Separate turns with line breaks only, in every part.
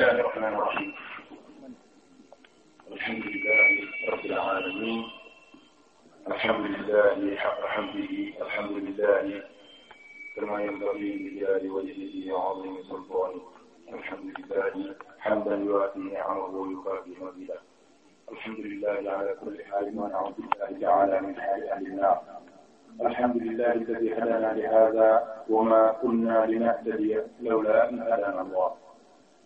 الله الرحمن الرحيم الحمد لله رب العالمين الحمد لله حق حمده الحمد لله كما ينبغي لجلال وجهه وعظيم سلطانه الحمد لله حمدا يوافي نعمه ويكافي مزيده الحمد لله على كل حال ونعوذ بالله تعالى من حال اهل النار الحمد لله الذي هدانا لهذا وما كنا لنهتدي لولا ان هدانا الله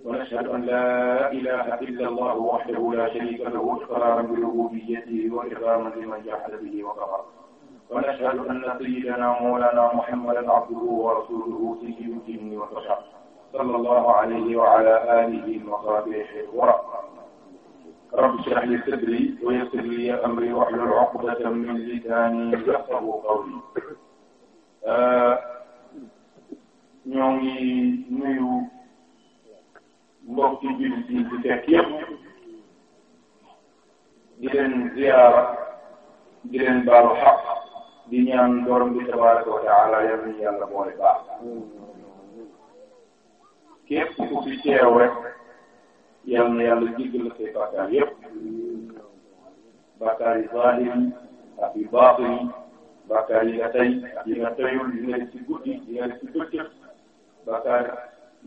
ونشهد أن لا إله إلا الله وحده لا شريك له إقرارا بربوبيته وإكراما لمن جحد به وكفر ونشهد أن سيدنا مولانا محمدا عبده ورسوله سيد الجن والبشر صلى الله عليه وعلى آله وصحبه ورا رب اشرح لي صدري ويسر لي أمري واحلل عقدة من لساني يفقه قولي ñoo ngi nuyu mbokk ci jullit yi di fekk yëpp di leen ziyaara di leen baalu xaq di ñaan borom bi tabaraka wa taala yal nañu yàlla boole baax képp ku fi teew rek yal na yàlla jéggal say bàkkaar yëpp bàkkaar yi zahir yi ak yu baatin yi bàkkaar yi nga tey yi nga teyul yi nga def ci guddi yi nga def ci bëccëg bàkkaar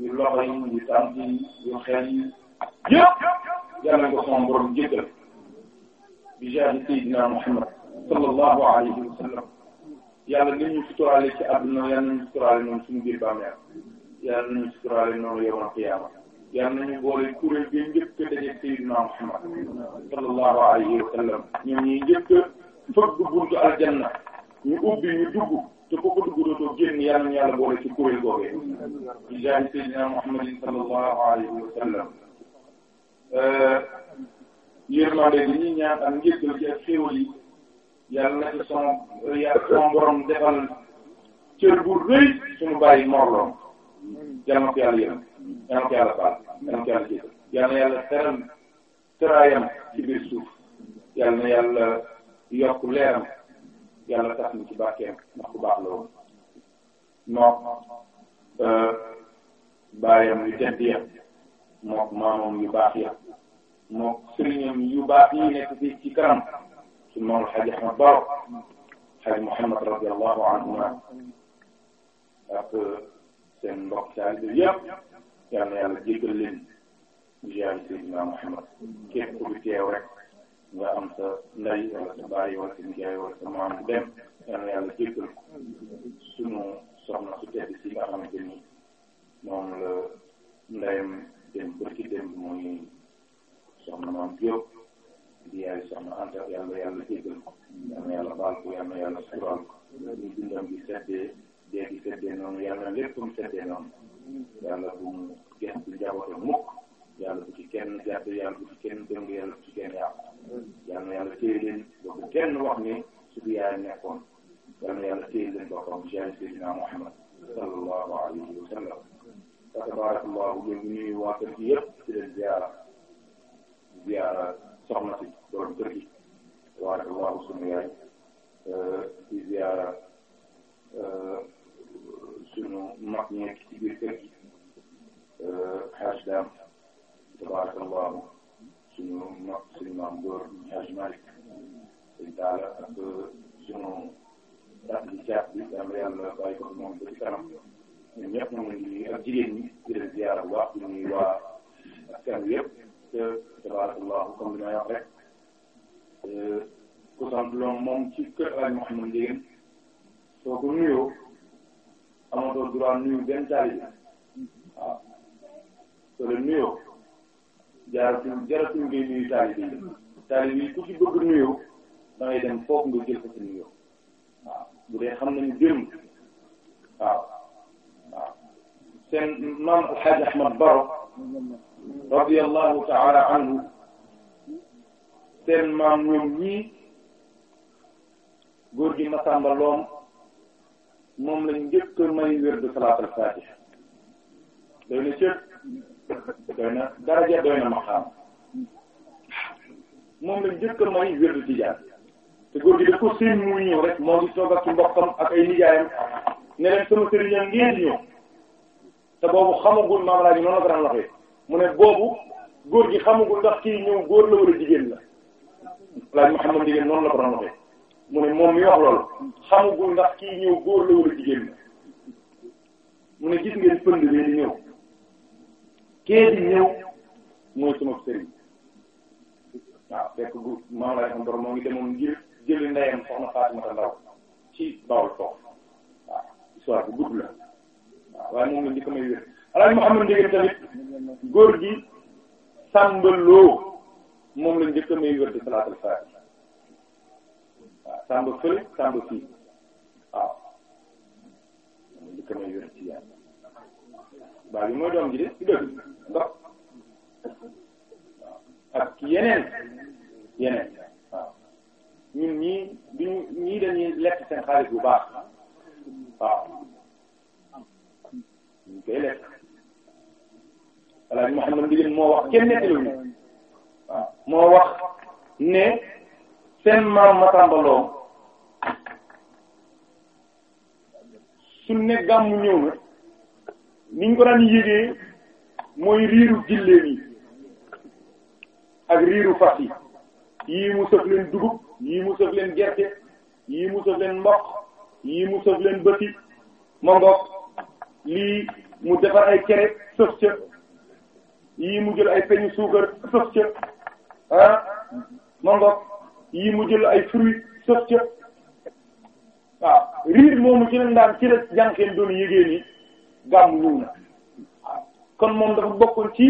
yu loxo yi yu tànk yi yu xel yi yëpp yal na ko sama borom jéggal bi jaari sayyidina Muhammad sallallahu alayhi wa sallam yàlla li ñu suturaale ci àdduna yal nañu suturaale noonu suñu biir bàmmeel yal nañu suturaale noonu yawmal qiyaama yal nañu boole kuréel bi njëkk a daje sayyidina Muhammad sallallahu alayhi wa sallam ñoom ñuy njëkk fëgg buntu aljanna ñu ubbi ñu dugg te ku ko dugg dootoo génn yàlla na yàlla boole ci kuréel googee bi jaahi sayyidina Muhammadin sallallahu alayhi wa sallam euh, yërmande bi ñuy ñaan ak njëggal ci ak xéewal yi yàlla na ci son yàlla son borom defal cër bu rëy suñu bàyyi morloom yàlla na ko yàlla yërëm na ko yàlla baal yàlla na yàlla jégal yàlla na yàlla teral tëraayam ci biir suuf yàlla na yàlla yokk leeram yàlla tax ñu ci barkeem ndax bu mook euh, baayam yu tedd mook maamam yu baax mook sëriñam yu baax yi nekk fi ci kanam su moom xaj Ahmad Baro xaj Muhammad radiyallahu anhuma ak euh, seen mbokk taalibe yëpp yàlla yàlla jéggal leen jaari Seydina Muhammad képp ku teew nga am sa ndey wala sa baay wala sa nijaay wala sa maam dem yal na yàlla jéggal ko soxna su tedd si nga xamante ni moom la ndeyam dem bërki dem muy soxna maam Diop di yaay soxna Anta yàlla yàlla jéggal yàlla baal ko yàlla sural ko ñu bi seddee dee gi seddee noonu yàlla léppam seddee noonu yàlla bu mu gëstu njabootam mukk yàlla bu ci kenn gàtt yàlla bu ci kenn dëng yàlla bu ci kenn yàqu yal na yàlla téye leen ba bu kenn wax ne suñu yaay nekkoon yal na yàlla téye leen boppam jaay Seydina Muhammad sallallahu alayhi wa sallam wa tabaarakallahu léegi nuyu waa kër gi yëpp di leen ziara ziara soxna si keroog suñu koy nuyu taalibe yi taalibe yi ku ci bëgg nuyoo da dem foofu nga jël ko ci nuyoo waaw bu dee xam nañ démb waaw waaw seen maam Alxaaji Ahmad Baro
radiyallahu taala anhu seen maam ñoom ñii góor gi Masamba Loom moom lañ
njëkk may wér de salaat al fatiha doy na cëpp doy na daraja doy na maqaam moom la njëkk a may wérdu tijaan
te góor gi daf ko seen muy ñëw rek moo ngi toog ak ci mbokkam ak ay nijaayam ne leen sama sëriñam ngeen di ñëw te boobu xamagul maam laa ji noonu la ko daan gi xamagul ndax kii góor la wala jigéen la laaj ma xam mu ne moom mi wax loolu xamagul ndax kii ñëw góor la wala jigéen la
mu ne gis ngeen pënd bi di ñëw kee ñëw mooy sama sëriñ waaw fekk gu maam lay xam borom moo ngi demoon jël jëli ndeyam soxna Fatimata Ndaw ci Bawol foofu waaw histoire bu gudd la waaye moom la njëkk may wér alaaj Muhammad Ndieguene tamit góor gi
sàmbaloo moom la njëkk may wér di salaatul faatih waaw
waaw moom la njëkk may wér ci yàlla baa bi mooy doom ji de ci dëgg ndox
ak yeneen yeneen
waaw ñun ñii duñu ñii dañuy lekk seen xaalis bu baax waaw ñu koy lekk voilà Mouhamed
Ndieguène moo wax kenn nettalu ñu moo wax ne seen maam Matambaloo su ne gàmmu ñëw na niñ ko daan yégee mooy riiru jillee nii ak riiru fas yi yii mu sëf leen dugub yii mu sëf leen gerte yii mu sëf leen mboq yii mu sëf leen bëti mongo ngoog lii mu defar ay cere sëf ca yii mu jël ay peñu suukar sëf ca ah ma yii mu jël ay fruits sëf ca waaw riir moomu ci lañ daan ci la jànkeen doon yëgee ni gàmm ñëw kon moom dafa bokkoon ci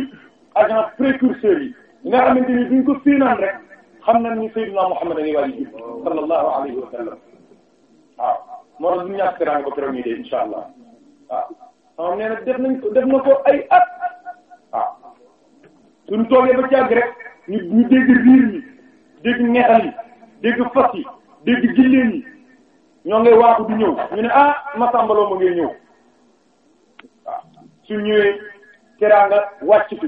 agent précurseur yi nga xamante ni duñ ko séenaan rek xam na ni Seydina Muhammad a ji sallallahu ñu ñàkk daan ko keroog ñu dee insha allah waaw. xam nee na def na ko ay at waaw suñ toogee ba càgg rek ñu dégg riir yi dégg fas yi dégg gilleen yi ñoo ngay waaxu di ñëw ñu ne ah masambaloo ma ngay ñëw waaw su ñëwee teraanga wàcc fi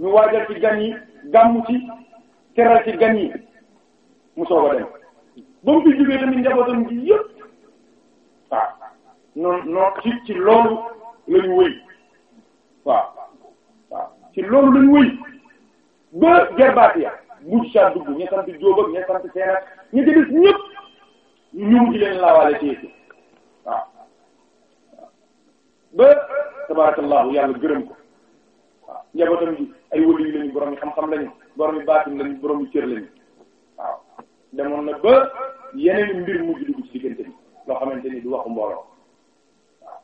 ñu waajal ci gan yi gàmmu ci teral ci gan yi mu soog a dem ba mu fi jógee tamit njabootam gi yëpp waaw non non ci ci loolu lañu wëy waaw waaw ci loolu lañu wëy ba gerbaat ya mujj saa dugg ña sant Jóob ak ña sant Seen ak ña ñu mujj leen laawaale téye waaw ba tabarakallahu yàlla gërëm ko. waaw njabootam gi ay wëliw lañu borom yi xam-xam lañu borom yi baatin lañu borom yi cër lañu waaw demoon na ba yeneen mbir mujj dugg ci diggante bi loo xamante ni du waxu mbooloo
waaw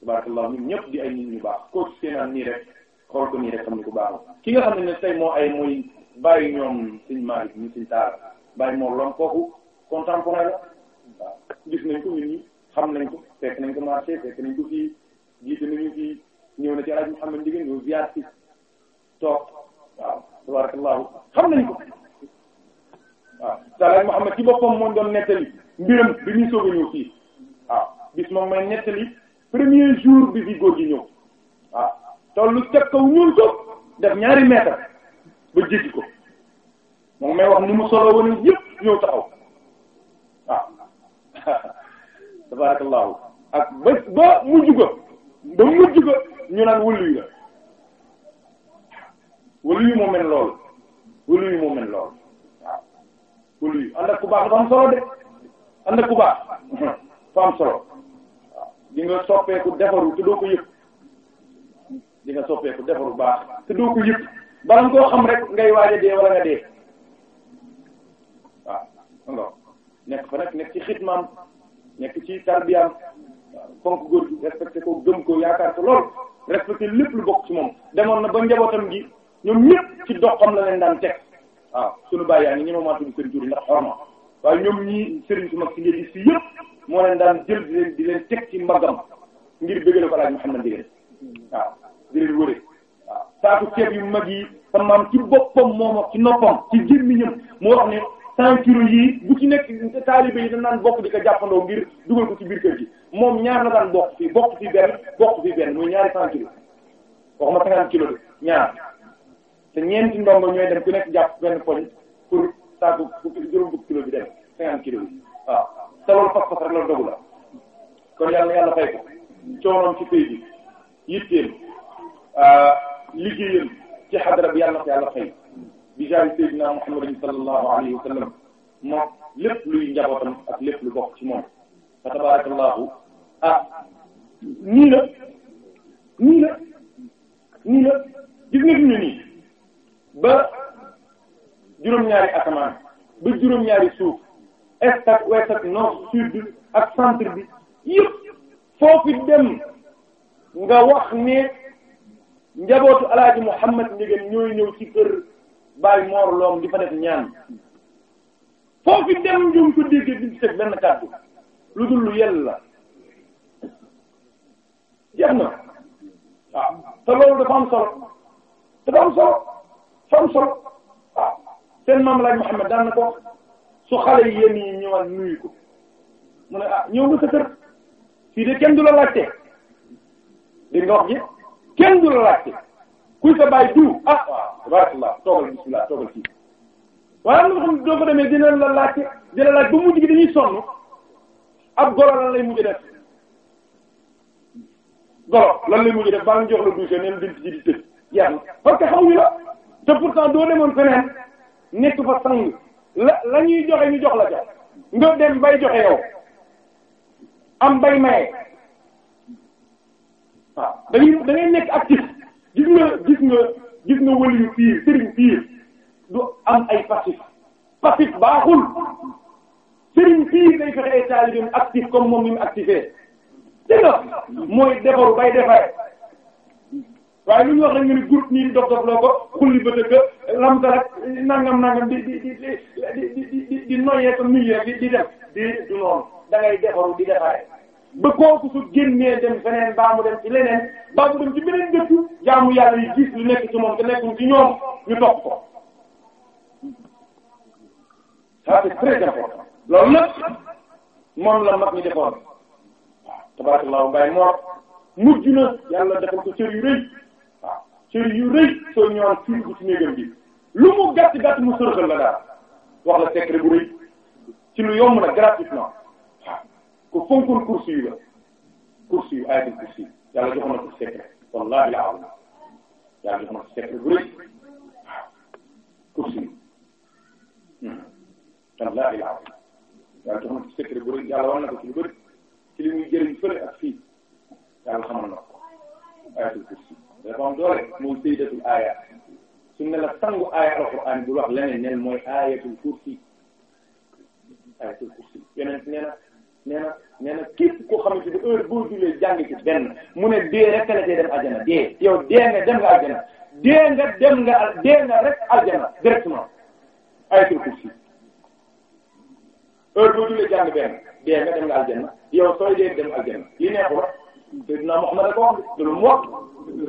tabarakallah ñun ñëpp di ay nit ñu baax koo ci seenaan nii rek xool ko nii rek xam ni ko baaxul ki nga xam ne ne tey moo ay mooy bàyyi ñoom suñ Malick ñu suñ taal bàyyi moo lom kooku contemporain la waaw gis nañ ko ñun ñi xam nañ ko fekk nañ ko marché fekk ñëw na ci rajo Mouhamed Ndieguène ñëw ziar toog waaw tabarakallahu xam nañ ko
waaw Salah Mouhamed ci boppam moo doon nettali mbiram bi ñuy soog ñëw fii waaw bis moom may nettali premier jour bi fi góor gi ñëw waaw tollu ca kaw ñuul ko def ñaari mètre ba jéggi ko moom may wax ni mu solo woon yëpp ñëw taxaw waaw tabarakallahu ak ba ba mujj ko ba mujj ko ñu naan wëlu yu la wëlu yu moo mel loolu wëlu yu moo mel loolu waaw wëlu yu ànd ak ku baax dafa am solo de ànd ak ku baax dafa am solo waaw di nga soppeeku defaru te yëpp di soppeeku defaru baax te doo ko yëpp bala nga koo xam rek ngay waaj a dee wala nga dee waaw nekk fa nag nekk ci xitmaam nekk ci tarbiyaam fonk góor gi ko gëm ko yaakaar si lool respecté lépp lu bokk ci moom demoon na ba njabootam gi ñoom ñëpp ci doxam la leen daan teg waaw sunu baay yaa ngi ñi ma tudd seen tur ndax xorma waaye ñoom ñii sëriñ mag si ngeen si yëpp moo leen daan jël di leen di leen teg ci mbaggam ngir bëggale ko laaj Muhammad Ndieguène waaw di leen waaw saako ceeb yu mag yi sa maam ci boppam moom ak ci noppam ci gémmiñam mu wax ne cent kilos yii bu ci nekk taalibe yi dañ naan bokk di ko jàppandoo ngir dugal ko ci biir kër moom ñaar na daan bokk fii bokk fii benn bokk fii benn muy ñaari cent kilos waxuma cinquante kilos de ñaar te ñeenti ndongo ñooy dem ku nekk jàpp benn poñ pour saako juróom fukki kilo bi dem cinquante kilos bi waaw te loolu fas fas rek la dogu la kon yàlla yàlla fay ko coonoom ci pays bi yitteem ah, liggéeyam ci xadara bi yàlla yàlla fay bijaayu sayyidina Muhammadin sallallahu alayhi wa sallam moom luy njabootam ak lépp lu bokk ci moom fa tabarakallahu ah nii la nii la nga juróom-ñaari asamaan ba juróom-ñaari suuf est ak ouest ak nord sud ak centre bi yëpp foofu dem nga wax ne njabootu alaaji Muhammad Ndiéguène ñooy ñëw ci kër Baye Mor di fa ñaan foofu dem ñu ko déggee di ci teg benn kàddu lu dul lu yella jeex na waaw te am solo dafa am solo dafa solo waaw seen maam laaj Muhammad daan na ko su xale yi yéen yi ñëwaat nuyu ko mu ne ah ñëw nga sa de kenn du la laajte dégg nga kenn du la kuy sa bàyyi du ah waaw toogal bismillah toogal fii waaye am xam doo fa demee dina la laajte dina laaj ba mujj gi dañuy sonn ab golo lan lay mujj def golo lan lay mujj def baa ngi jox la douche neen dënt ji di tëj yàlla parce que xamuñu la te pourtant doo demoon feneen nekk fa sang la la ñuy joxe ñu jox la ca nga dem bay joxe yow am bay maye waaw da ngay nekk actif gis nga gis nga gis nga wëliyu piir sëriñ piir du am ay passif passif baaxul sëriñ fii day fexe ay taalibeem actif comme moom ni mu activé dégg mooy defaru bay defare waaye lu ñu wax rek nga ni groupe nii dof dof ko xulli ba dëgg lamta rek nangam nangam di di di di di di sa milieu di di noonu da defaru di defare ba kooku su génnee dem feneen baa mu dem ci leneen baa mu dem ci beneen dëkk jaamu yàlla yi gis lu nekk ci moom te nekkul ci ñoom ñu topp ko ça c'est très loolu nag moom la mag ñi defoon waaw tabarakallahu Baye Mor mujj yàlla defal ko cër yu rëy cër yu rëy soo ñëwaan fii bu ci néegam bi lu mu gàtt gàtt mu sërxal la daal wax la secret bu rëy ci lu yomb na gratuitement waaw ko fonkoon yu la
course yu ayatul course yi yàlla joxoon na ko wallahi la am yàlla joxoon na ko secret rëy waaw course yi hmm, wallahi la am yàlla jox na ci secret bu rëy yàlla wan na ko ci lu bëri ci li muy jëriñ fële ak fii yàlla xamal na ko ayatul kursi dafa am doole mooy sayyidatul aaya su ne la sangu aaya alquran bu wax leneen neen mooy ayatul kursi ayatul kursi yeneen nee na nee na nee na képp koo xamante
ni heure boo jullee jàng ci benn mu ne dee rek la cay dem àjjana dee yow dee nga dem nga àjjana dee nga dem nga dee nga rek àjjana directement ayatul kursi heure boo jullee jàng benn dee nga dem nga aljanna yow sooy dee dem
aljanna li neexul Seydina Muhammad ko wax lu mu wax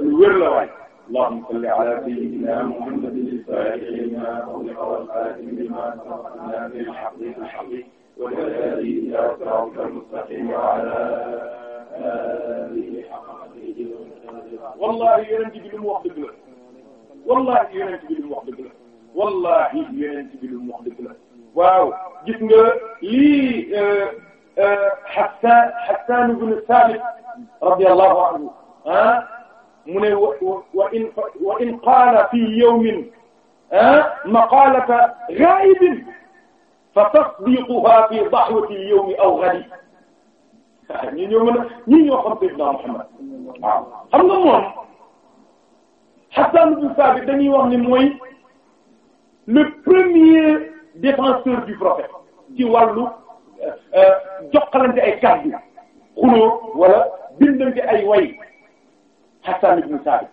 lu wér la waay allahumma salli ala sayyidina muhammadin al-fatihi lima ughliqa wal khatimi lima sabaqa nasir al-haqq bil-haqq wal hadi ila siratil mustaqim wa ala alihi haqqa qadrihi
wallahi yonent bi lu mu wax dëgg la wallahi yonent bi lu mu wax dëgg la wallahi yonent bi lu mu wax dëgg la waaw gis nga lii euh, euh, Hassan Hassan ibn Sabit radiyallahu anhu ah mu ne wa in wa in qaala fii yawmin ah maqaalata ghaa'ibin fa tasdiiquhaa fii dahwati yawmi aw ghadi ah, ñi ñoo mën a ñii ñoo xam Seydina Muhammad waaw xam nga moom Hassan ibn Sabit dañuy wax ni mooy le premier défenseur du prophète ci wàllu euh, euh, joxalante ay kàddu xuloo wala bindante ay way Hassan ibn Sabit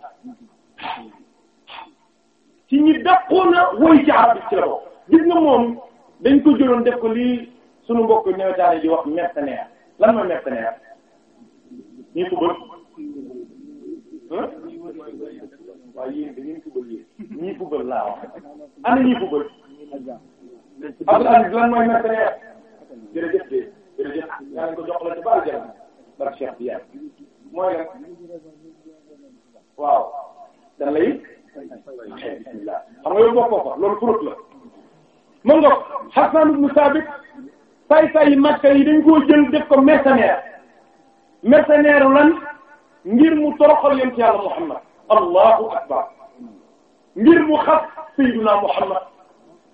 ci ñi dàqoon na woy ci arab ci la ko gis nga moom dañ ko jëloon def ko li sunu mbokk newtaane di wax mercenaire lan mooy mercenaire ñii ko bëgg ñii ko bëgg laa wax ana ñii ko
bëgg
Abdoulaye Dior mooy maitrise
jërëjëf de jërëjëf yaa ngi ko jox la ci baal jërëm barke Cheikh Biya mooy rek waaw da lay
bismillah xam nga yow bokkoo ko loolu furut la mën nga Hasan ibn Sabit say say Makka yi dañ koo jël def ko mercenaire mercenaire lan ngir mu toroxal yonent Yàlla Muhammad allahu akbar ngir mu xas sayyiduna Muhammad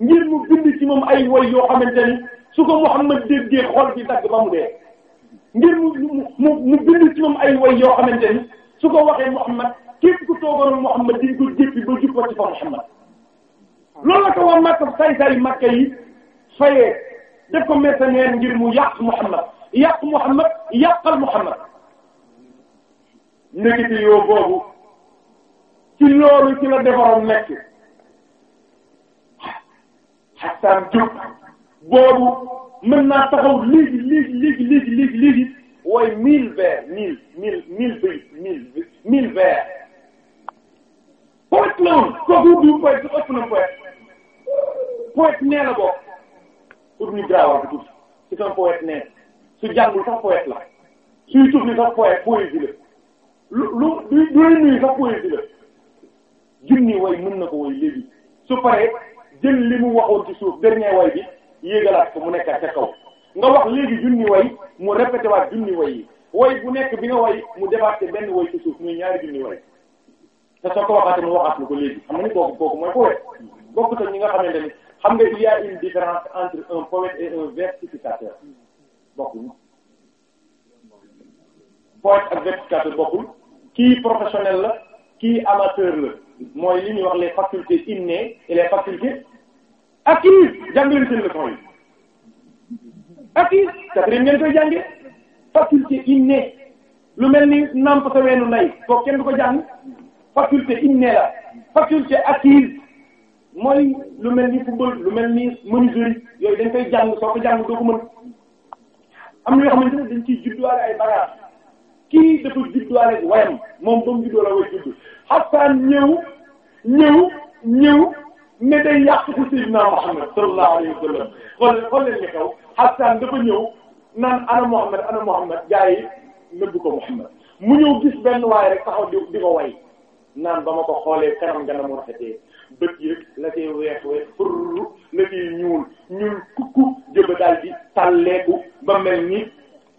ngir mu bind ci moom ay woy yoo xamante ni su ko Muhammad déggee xol bi dagg ba mu dee ngir mu mu mu bind ci moom ay woy yoo xamante ni su ko waxee Muhammad képp ku toogoon Muhammad di ko jéppi ba jub ko ci fa Muhammad loolu la ko waa Makka say-say Makka yi fayee def ko mercenaire ngir mu yàq Muhammad yàq Muhammad yàqal Muhammad ndekete yoo boobu ci loolu ci la defaroon nekk Xassane Diop boobu mën naa taxaw léegi léegi léegi léegi léegi léegi wooy mille vers mille mille mille bëy mille mille vers poète la woon kooku du poète ëpp na poète poète nee la bokk pour ñu garaawal tuuti c'est un poète nee su jàngul sax poète la suy tuuti ni sax poète poésie la lu lu du nuyu sax poésie la junni way mën na ko way léegi su paree jël li mu waxoon ci suuf dernier way bi yéegalaat ko mu nekkaat ca kaw nga wax léegi junni way mu répété waat junni way yi way bu nekk bi nga way mu defaat te benn way ci suuf muy ñaari junni way te soo ko waxaatee mu waxaat lu ko léegi xam nga ni kooku kooku mooy poète bokk te ñi nga xamante ni xam nga il y a une différence entre un poète et un versificateur bokkul poète ak versificateur bokkul kii professionnel la kii amateur la mooy li ñuy wax le facultés innées et acquise jàng leen seen leçon yi acquise quatrième ngeen koy jànge faculté innée lu mel ni namp sa weenu nay kooku kenn du ko jàng faculté innée la faculté acquise mooy lu mel ni football lu mel ni menuiserie yooyu dañ koy jàng soo ko jàng doo ko mën am na yoo xamante ne dañ kii dafa judduwaale wayam moom ba juddoo la way judd xasaan ñëw ñëw ñëw ne day yàq ko Seydina Muhammad sallallahu alayhi wa sallam xool xool leen li xew Hassan dafa ñëw naan ana Muhammad ana Muhammad gaa yi nëbbu ko Muhammad mu ñëw gis benn waaye rek taxaw di di ko way naan ba ma ko xoolee kanam nga na mu rafetee bët yi rek la koy weex weex furr la koy ñuul ñuul kukku jëba daal di talleeku ba mel ni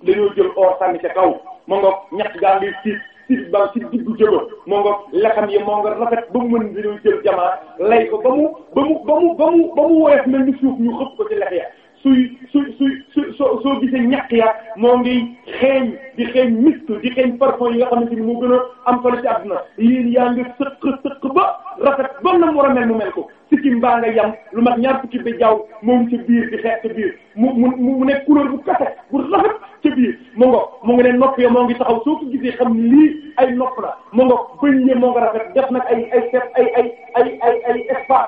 dañoo jël or sànni ca kaw ma nga ñett gaa ngi tiit sib ba ci diggu jëba moo nga lexam yi moo nga rafet ba mu mën dinu jël jamaa lay ko ba mu ba mu ba mu ba mu ba mu woyof mel ni suuf ñu xëpp ko ci lex ya suy suy suy su soo soo gisee ñaq ya moo ngi xeeñ di xeeñ mist di xeeñ parfum yi nga xamante ni moo gën a am solo ci àdduna yéen yaa ngi sëq sëq ba rafet ba na war a mel mu mel ko sikkim baa nga yam lu mat ñaar fukki ba jaww moom ci biir di xeex ci biir mu mu nekk couleur bu kese bu rafet ci biir mu ngo mu ngi ne nopp ya moo ngi taxaw soo ko gisee xam lii ay nopp la mu ngo bëñ ya moo nga rafet def nag ay ay ay ay ay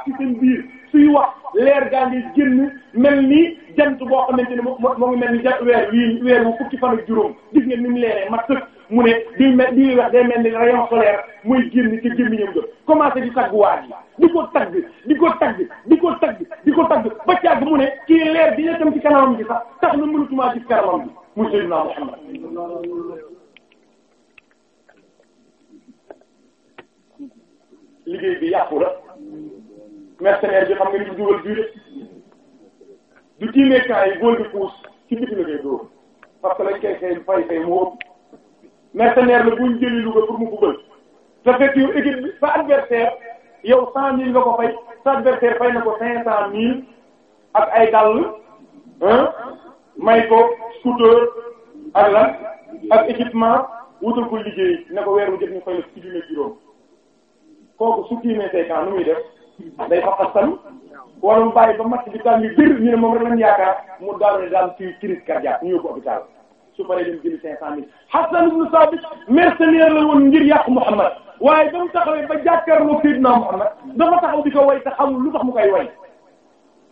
ci seen biir suy wax leer gaa ngi génn mel ni jant boo xamante ne moo moo ngi mel ni jant weer wii weer wu fukki fan ak juróom gis ngeen ni mu leeree mat sëkk mu ne di mel di wax day mel ni rayon solaire muy génn ci gémmiñam ga commencé di tagg waa di ko tagg di ko tagg di ko tagg di ko tagg ba càgg mu ne kii leer bi ñu tam ci kanamam bi sax tax na mu Seydina Muhammad liggéey bi yàqu la mercenaire bi xam nga ni mu dugal durée du tiimee temps yi góor bi puus ci biti la koy dóor parce que lañ fay fay fay mu ëpp mercenaire la buñ jëli Louga pour mu buggal te yow sa adversaire yow cent mille nga ko fay sa adversaire fay na ko cinq cent mille ak ay dàll hein may ko scooter ak lan ak équipement wutal ko liggéey ne ko weer wu jot ñu koy def ci biir juróom kooku su kii nee say nu muy def day fa xasal wala mu bàyyi ba matt bi tam yu biir ñu ne moom rek lañ yaakaar mu daal ne daal ci crise cardiaque ñu yóbbu hôpital su paree dem jëli cinq cent mille Hassan ibn Sabit mercenaire la woon ngir yàqu Muhammad waaye ba mu taxawee ba jàkkaarloo Seydina Muhammad dafa taxaw di ko way te xamul lu tax m koy way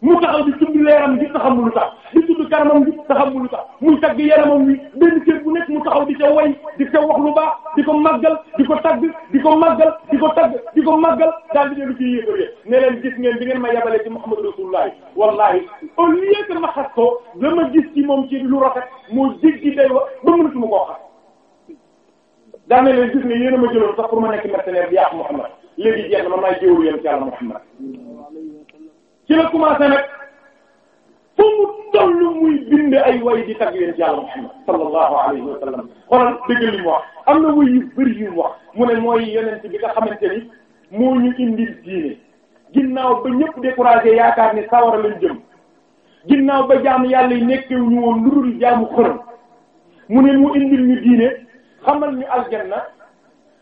mu taxaw di tudd leeram gi taxamu lu tax di tudd kanamam gi taxamu lu tax muy tagg yaramam wi benn kër bu nekk mu taxaw di ca way di ca wax lu baax di ko màggal di ko tagg di ko màggal di ko tagg di ko màggal daal di dellu ci yéefar yi ne leen gis ngeen bi ngeen ma yabalee ci Muhammad Rasulullah wallahi au lieu que ma xas ko dama gis ci moom ci lu rafet moo jéggi day wax ba mënatuma koo xas daane leen gis nga yéen a ma jëloon sax pour ma nekk mercenaire bi yàq Muhammad léegi jeex na man maay ci la commencé nag fu mu tollu muy bind ay way di tagg yonent yàlla Muhammad sallallahu alayhi wa sallam xoolal dëgg li mu wax am na way yu bëri yu mu wax mu ne mooy yonent bi nga xamante ni moo ñu indil diine ginnaaw ba ñëpp découragé yaakaar ni sawara lañ jëm ginnaaw ba jaamu yàlla yi nekkewuñu woon lu dul jaamu xërëm mu ne mu indil ñu diine xamal ñu aljanna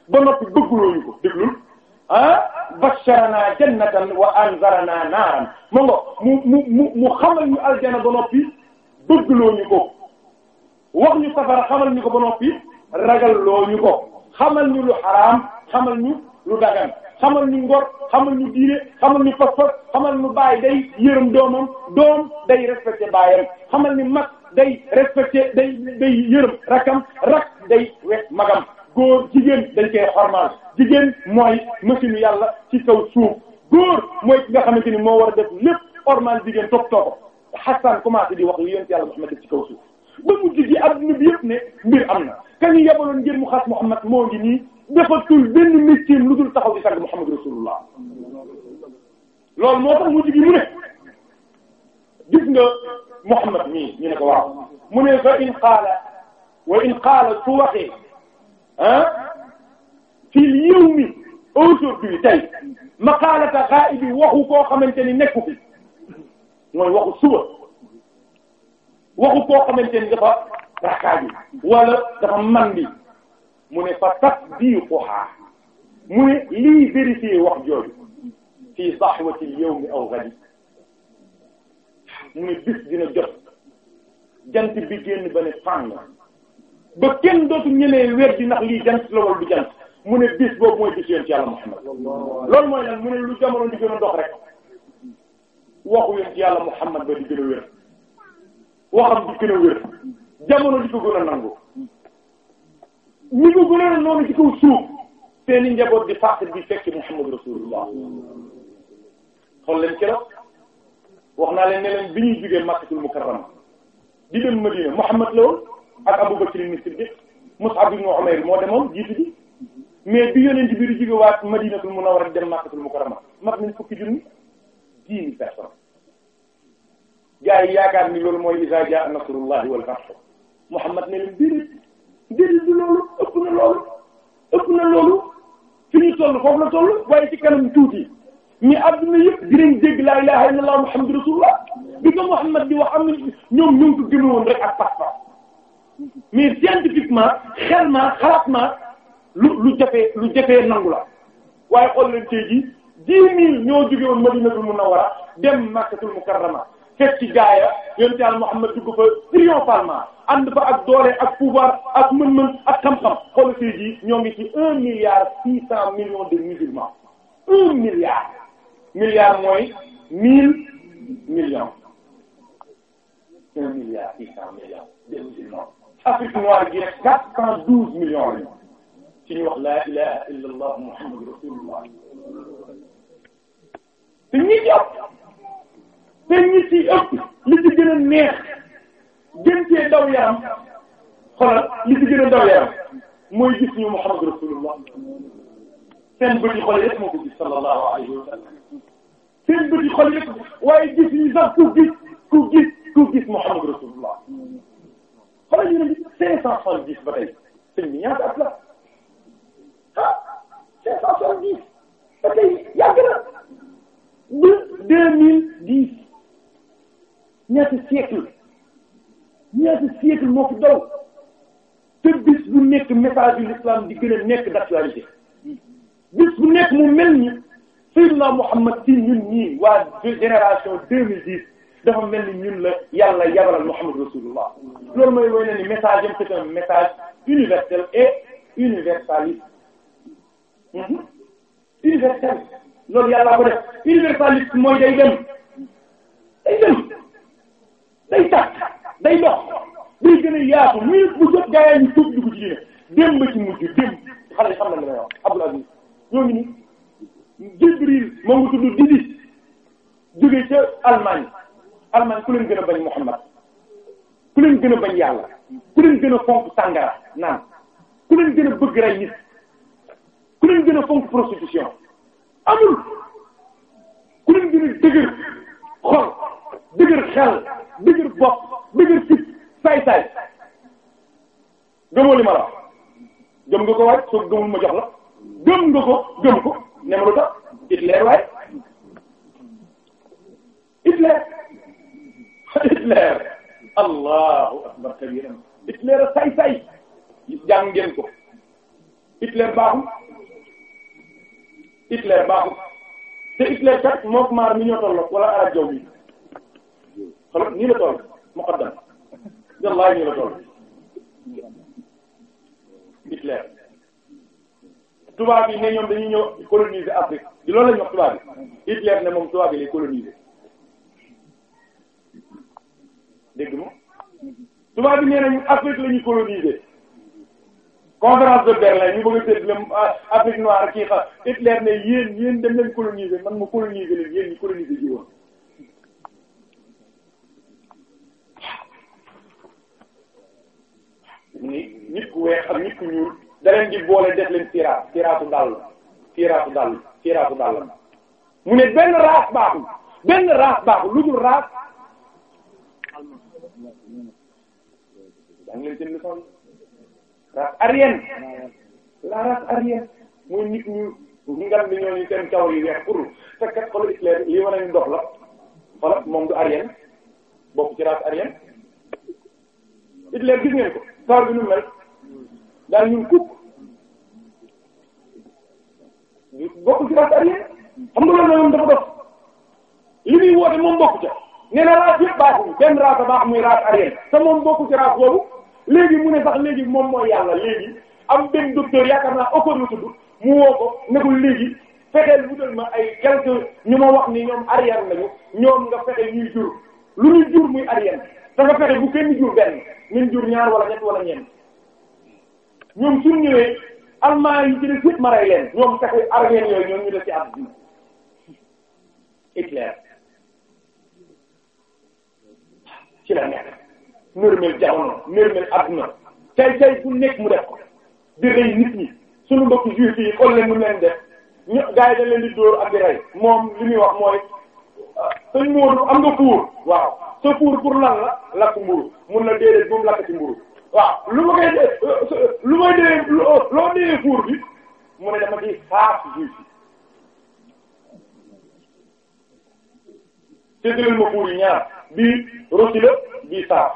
ba noppi bëgguloo ñu ko déglul ah basharana jannatan wa anzarana naaran ma ngo mu mu mu mu xamal ñu aljana ba noppi bëggloo ñu ko wax ñu safara xamal ñu ko ba noppi ragalloo ñu ko xamal ñu lu xaraam xamal ñu lu dagan xamal ñu ngor xamal ñu diine xamal ñu fas-fas xamal ñu baay day yërëm doomam doom day respecté baayam xamal ni mag day respecté day day yërëm rakam rak day wet magam góor jigéen dañ koy xormaal jigéen mooy machine yàlla ci kaw suuf góor mooy ki nga xamante ni moo war a def lépp xormaal jigéen topp tooko Hassan commencé di wax lu yéen yàlla Muhammad def ci kaw suuf ba mujj gi adduna bi yëpp ne mbir am na kañu yebaloon ngir mu xas Muhammad moo ngi nii defatul benn métier lu dul taxaw di sang Muhammad rasulullah loolu moo tax mujj gi mu ne gis nga Muhammad mii ñu ne mu ne fa in qaala su waxee ah fil yawmi aujourd'hui tey maqaalata ghaibi waxu koo xamante ni nekku fi mooy waxu suba waxu koo xamante ni dafa rakaaji wala dafa mandi mu ne fa tasdiquha mu ne lii vérifier wax jooju fii sahwati al yawmi aw ghadi mu bis dina jot jant bi génn ba ne ba kenn dootu ñemee weer di ndax lii jant la wala jant mu ne bis boobu mooy bis yonent yàlla Muhammad lu jamono di gën a dox rek waxu yonent yàlla Muhammad ba di gën a wér waxam di gën a wér jamono di ko gën a nangu ñi ko gën a noonu ci kaw suuf seeni njaboot di fàttali bi fekk Muhammad Rasulullah xool leen keroog wax naa leen ne bi ñuy jugee Makkatul Mukarrama di dem Madina Muhammad la ak Abu Bakr Siddiq Mus'ab ibn Umayr moo demoon jiitu ji mais bi yonent bi di jóge waat Madinatul Munawwara dem Makkatul Mukarrama mat nañ fukki junni dix mille personnes gars yi yaakaar ni loolu mooy iza jaa nasrullahi wal fath Muhammad ne leen déedéet déedéet du loolu ëpp na loolu ëpp na loolu fi ñu toll foofu la toll waaye ci kanam tuuti mais adduna yëpp dinañ dégg la ilaha illallah muhammadu rasulullah bi ko Muhammad di wax am na ñoom ñoo ngi ko gëmoon rek ak pas-pas mais scientifiquement xel ma xalaat ma lu lu jafee lu jafee nangu la waaye xool leen tey jii dix mille ñoo jóge woon Madinatul Munawwara dem Makkatul Mukarrama fekk ci gaaya yonent Yàlla Muhammad dugg fa triomphalement ànd fa ak doole ak pouvoir ak mën-mën ak xam-xam xool tey ñoo ngi ci un milliard six cent millions de musulmans un milliard milliard mooy mille millions un milliard six cent millions de musulmans Afrique noire gi rek quatre cent douze millions lañ ci ñu wax la ilaha illa allah muhammadu rasulullah te ñi ci ëpp te ñi ci ëpp li ci gën neex gën cee daw yaram xoolal li ci gën a daw yaram mooy gis ñu muhammadu yi xol yëpp moo ko gis sallallahu alayhi wa sallam yi xol yëpp waaye gis ku gis ku gis ku gis muhammadu wala ñu ne cinq cent soixante dix ba tey sëñ bi ñaata at la ah cinq cent soixante dix ba tey deux mille dix ñetti siècle ñetti siècle moo te bis bu message yu l'islam di gën nekk d'actualité bis bu nekk mu mel ni Seydina Muhammad génération deux mille dix dafa mel ni ñun la yàlla yabalal Muhammad rasulullah loolu mooy mooy ni message am c'est un message universel et universaliste mhm. universel loolu yàllaa ko def universaliste mooy day dem day dem day tàkk day dox day gën a yaatu muy bu jot gaa yi ñu tuub moo ngi tudd Didi jóge ca Allemagne almaañ ku leen gën a bañ Muhammad ku leen gën a bañ yàlla ku leen gën a fonk sàngara naan ku leen gën a bëgg rey nit ku leen gën a fonk prostitution amul ku leen gën a dëgër xol dëgër xel dëgër bopp dëgër fit saay-saay gëmoo li ma la wax gëm nga ko waay soo gëmul ma jox la gëm nga ko gëm ko ne ma lu tax
Hitler allahu akbar kabiran
Hitler a say say ko Hitler baaxul Hitler baaxul te Hitler kat mook maar mi ñoo tollook wala arab jaw mi xolot nii la toll muqaddam wallahi nii la toll Hitler tubaab yi ne ñoom dañuy ñëw coloniser Afrique di loolu lañu Hitler ne moom tubaab yi lay dégg ma tubaab bi nee nañu Afrique la ñu coloniser de Berlin ñu bëgg a seetlu ah, Afrique noire kii xa Hitler ne yéen yéen dem leen coloniser man ma coloniser leen yéen ñu coloniser ji
ni nit ku weex
ak nit ku ñuul da leen di boole def leen tira tiraatu dàll tiraatu dàll tiraatu dàll mu ne benn race baaxul benn race baaxul lu dul race.
daa
ngi lay jënd kaw race aryenne la race aryenne mooy nit ñu ngan bi ñooñu seen kaw yu weex pour te kat xoolal Hitler lii war nañu ndox la xoolal moom du aryenne bokk ci race aryenne Hitler gis ngeen ko saa bi nu mel daal ñun kukk bokk ci race aryenne xam nga loolu moom dafa li muy woote moom bokk ca. nee na race yëpp baax na benn baax muy race arrière te moom bokku ci race léegi mu ne sax léegi moom moo yàlla léegi am benn docteur yaakaar naa Okoor la tudd mu woo ko ne léegi fexeel wutal ma ay quelques ñu ma wax ni ñoom arrière lañu ñoom nga fexe ñuy jur lu ñu jur muy arrière te nga fexe bu kenn jur benn nañ jur ñaar wala ñett wala ñeent ñoom suñ ñëwee allemand yi ci des yëpp maray leen ñoom fexe arrière yooyu ñoom ñu def ci at bi éclair ci la nekk nërmeel jamono nërmeel adduna tey tey ku nekk mu def ko di rey nit ñi suñu mbokk juif yi xool leen mu leen def ñu gars yi leen di dóor ak di rey moom li muy wax mooy ah, sëñ Modou am nga fuur waaw sa fuur pour la la lakk mburu mun na déedéet bu lakk ci mburu waaw lu ma koy lu may dee loo dee fuur bi mu ne dama ciy xaas juif séddale ma buur yi ñaar bii rossi la bii saaf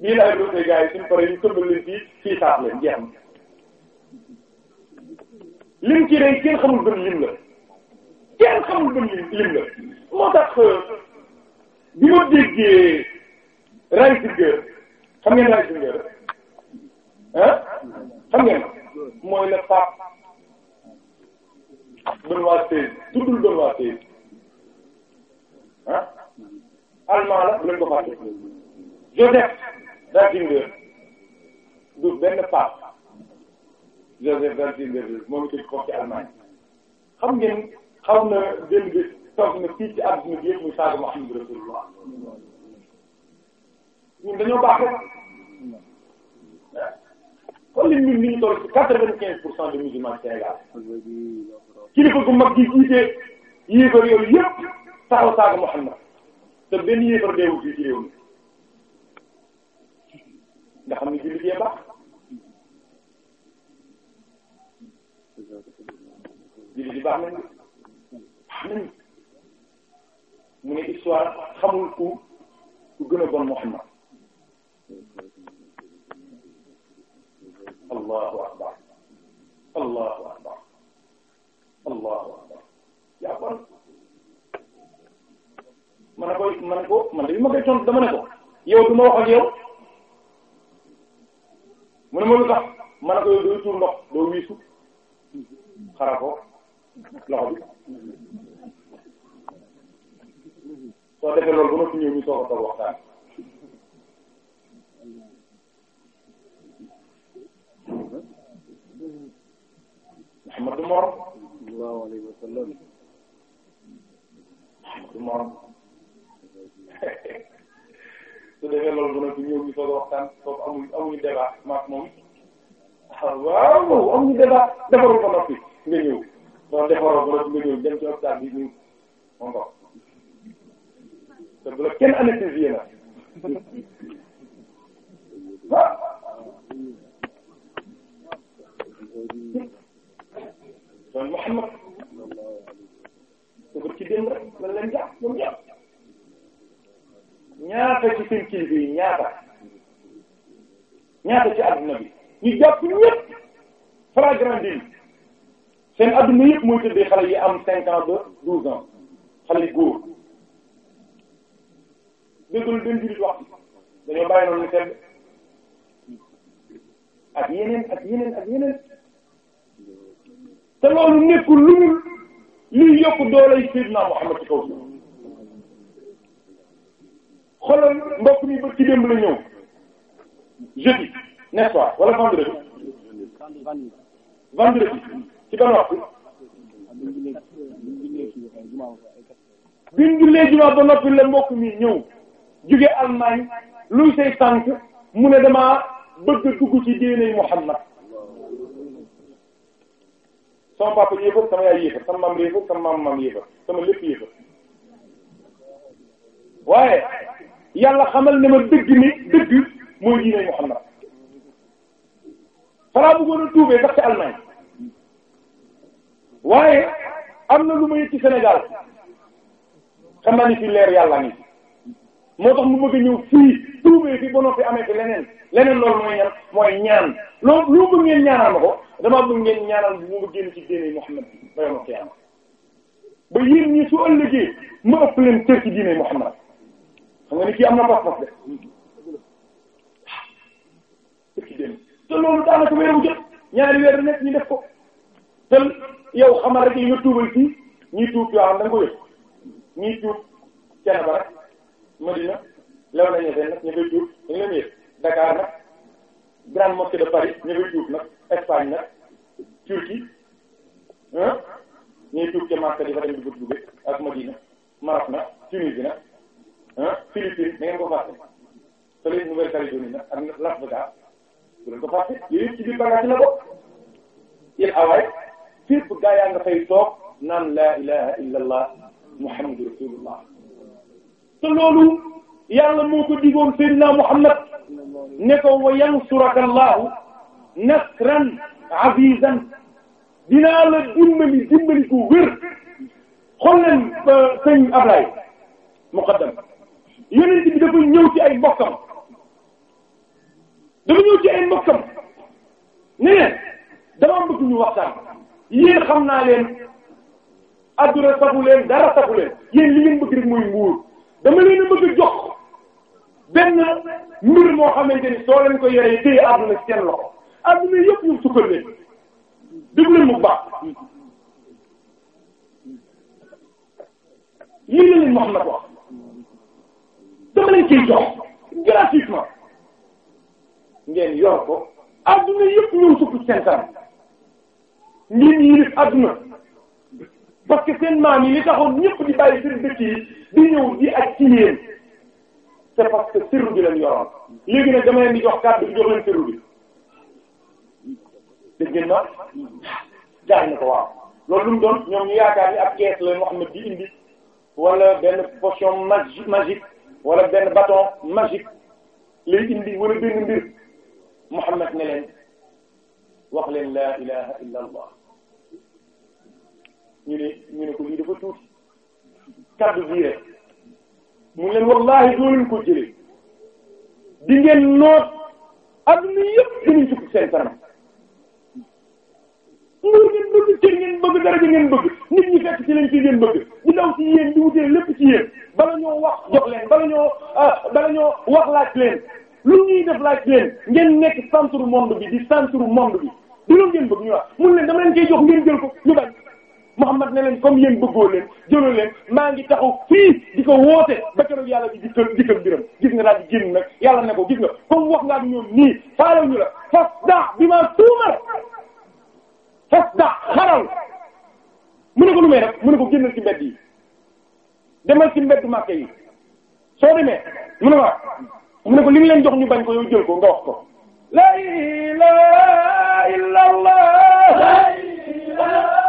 bii laay rossee gars yi suñ paree ñu tëmbal leen fii fii saaf leen jeex na lim ci day kenn xamul bën lim la kenn xamul bën lim lim la moo tax euh, bi ma déggee Reisinger xam ngeen Reisinger ah xam ngeen mooy le pape Benoît XVI tuddul Benoît XVI ah allemand la bu leen ko fàtte Joseph Ratzinger du benn pape Joseph Ratzinger moom itam foofu ci Allemagne xam ngeen xaw na benn bés toog na fii ci àdduna bi yëpp muy saaga Muhammad Rasulullah ñun dañoo baax rek kon li ñun ñu toll ci quatre-vingt-quinze pour cent de musulmans Sénégal kilifa gu mag gi jiite yéefar yooyu yëpp. taxaw saaga Muhammad te benn yéefar deewul fii ci réew mi nga xam ne jullit yee baax jullit yi mu ne histoire xamul ku gën a bon Muhammad
allahu akbar allahu akbar allahu akbar
yaa bon man na koy man na ko man de bi ma koy tontu dama ko yow du wax ak yow mu ne ma lu tax man na ko yow dooy tuur ndox doo wiisu xara ko
loxo bi soo defee loolu ba ma fi ñëw ñu soog a toog waxtaan Muhammadu morom sallallahu alayhi wa sallam Muhammadu su defee loolu ba nag ñëw ñu soog a waxtaan foofu amuñu amuñu débat maak moom ah, waaw amuñu débat defarul ba noppi nga ñëw loolu defaroo ba noppi nga ñëw dem ci hôpital bi ñu encore
te bu la kenn anesthésié na waaw. Ah. kon Mouhamed su ko ci démb rek lan leen jàpp ñaata ci seen kilifa yi ñaata ñaata ci adduna bi ñu jàpp ñëpp flagrant délit seen adduna yëpp mooy tëddee xale yi am cinq ans douze ans xale yu góor déggalu benn jullit wax dañoo bàyyi noonu ni sedd ak yeneen ak yeneen ak yeneen te loolu nekkul lu ñu luy yokk doolay Seydina Muhammad ci kaw xoolal mbokk mi ba ci démb la ñëw jeudi n'est-ce pas vendredi vendredi ci ban waxtu bi mu jullee jumaa ba noppi la mbokk mi ñëw jóge Allemagne luy say tànk mu ne damaa bëgg a dugg ci diiney Muhammad sama papa yéefar sama yaay yéefar sama maam yéefar sama maam maam yéefar sama lépp yéefar waaye yàlla xamal ne ma dëgg ni dëgg mooy diine Muhammad falaa bëggoon tuubee ndax ci Allemagne waaye am na lu ma yëg ci senegal xam naa ni fi leer yàlla ni moo tax mu bëgg a ñëw fii tuubee fi ba noppi amee fi leneen leneen loolu mooy ñaan mooy ñaan loolu lu bëgg ngeen ñaanal ma ko damaa bëgg ngeen ñaanal bu mu génn ci diine Muhammad ba a ba yéen ñi su ëllëgee ma ëpp leen ci diine Muhammad xam nga ni kii am na pas-pas de te loolu daanaka weer wu jot ñaari weer nekk ñu def ko te yow xamal rek yi tuubal fii ñuy tuub yoo xam da nga ko yëg ñuy tuub cene ba rek Madina lew nañu seen nag ñu koy tuub dañ leen yëg Dakar nag grande mosquée de Paris ñu koy tuub nag Espagne nag Turquie ah, ñuy tuub ca Marseille yi dem di bët ak Madina Maroc na Tunisie na ah Philippines na ngeen ko fàtte Félix Nouvelle-Calédonie nag ak Las-Végas bu leen ko fàtte yooyu ci biir bagage la bokk il awaay fépp gaa yaa nga fay toog naan laa ilaha illa allah muhammadu rasulullah te loolu yàlla moo ko digoon Seydina Muhammad ne ko wa yansuraka allahu nasran azizan dinaa la dimbali dimbali ku wér xool leen euh, sëñ Ablaye muqaddam yonent bi dafa ñëw ci ay mbokkam dafa ñëw ci ay mbokkam ne leen dama ñu waxtaan yéen xam naa leen adduna taxu leen dara taxu leen yéen li ngeen bëgg rek mooy nguur dama leen a bëgg jox benn mbir moo xamante ni soo leen ko yoree téye adduna ci seen loxo adduna yëpp ñu sukkal leen déglu leen mu baax lii la leen Muhammad wax dama leen ciy jox gratuitement ngeen yor ko adduna yëpp ñëw sukk seen kanam ngeen yilif adduna parce que seen di bàyyi seen dëkk yi di ñëw di ak ci yéen c'est parce que sirru bi leen yoroon léegi nag dama leen di jox kàddu bi jox leen sirru bi dégg na ko waaw loolu lu mu doon ñoom ñu yaakaar ni ab la Muhammad di indi wala benn potion magique wala benn bâton magique lay indi wala benn mbir Muhammad ne leen wax leen laa ilaha illa allah ñu ne ñu ne ko lii dafa tuuti kaddu bii rek mu leen wallahi doo ko jëlee di ngeen noot adduna yëpp dinañ jukk seen kanam ngeen bëgg cër ngeen bëgg dara ngeen bëgg nit ñi fekk ci leen ci ngeen bëgg di daw ci yéen di wutee lépp ci yéen bala ñoo wax jox leen bala ñoo ah, bala ñoo wax laaj leen lu ñuy def laaj leen ngeen nekk centre monde bi di centre monde bi di loolu ngeen bëgg ñu wax mun leen dama leen koy jox ngeen jël ko ñu bañ Muhammad ne leen comme yéen bëggoo leen jëloo leen maa ngi taxaw fii di ko woote ba keroog yàlla di dikkal dikkal mbiram gis nga daal di génn nag yàlla ne ko gis nga comme wax nga ak ñoom nii faalaw ñu la fasda bi ma tuumal fasda mu ne ko lu may def mu ko génnal ci mbedd yi demal ci mbedd màkke yi soo demee mu ne ko mu ne ko li ñu leen ñu bañ ko yow jël ko nga wax ko
la ilaha illallah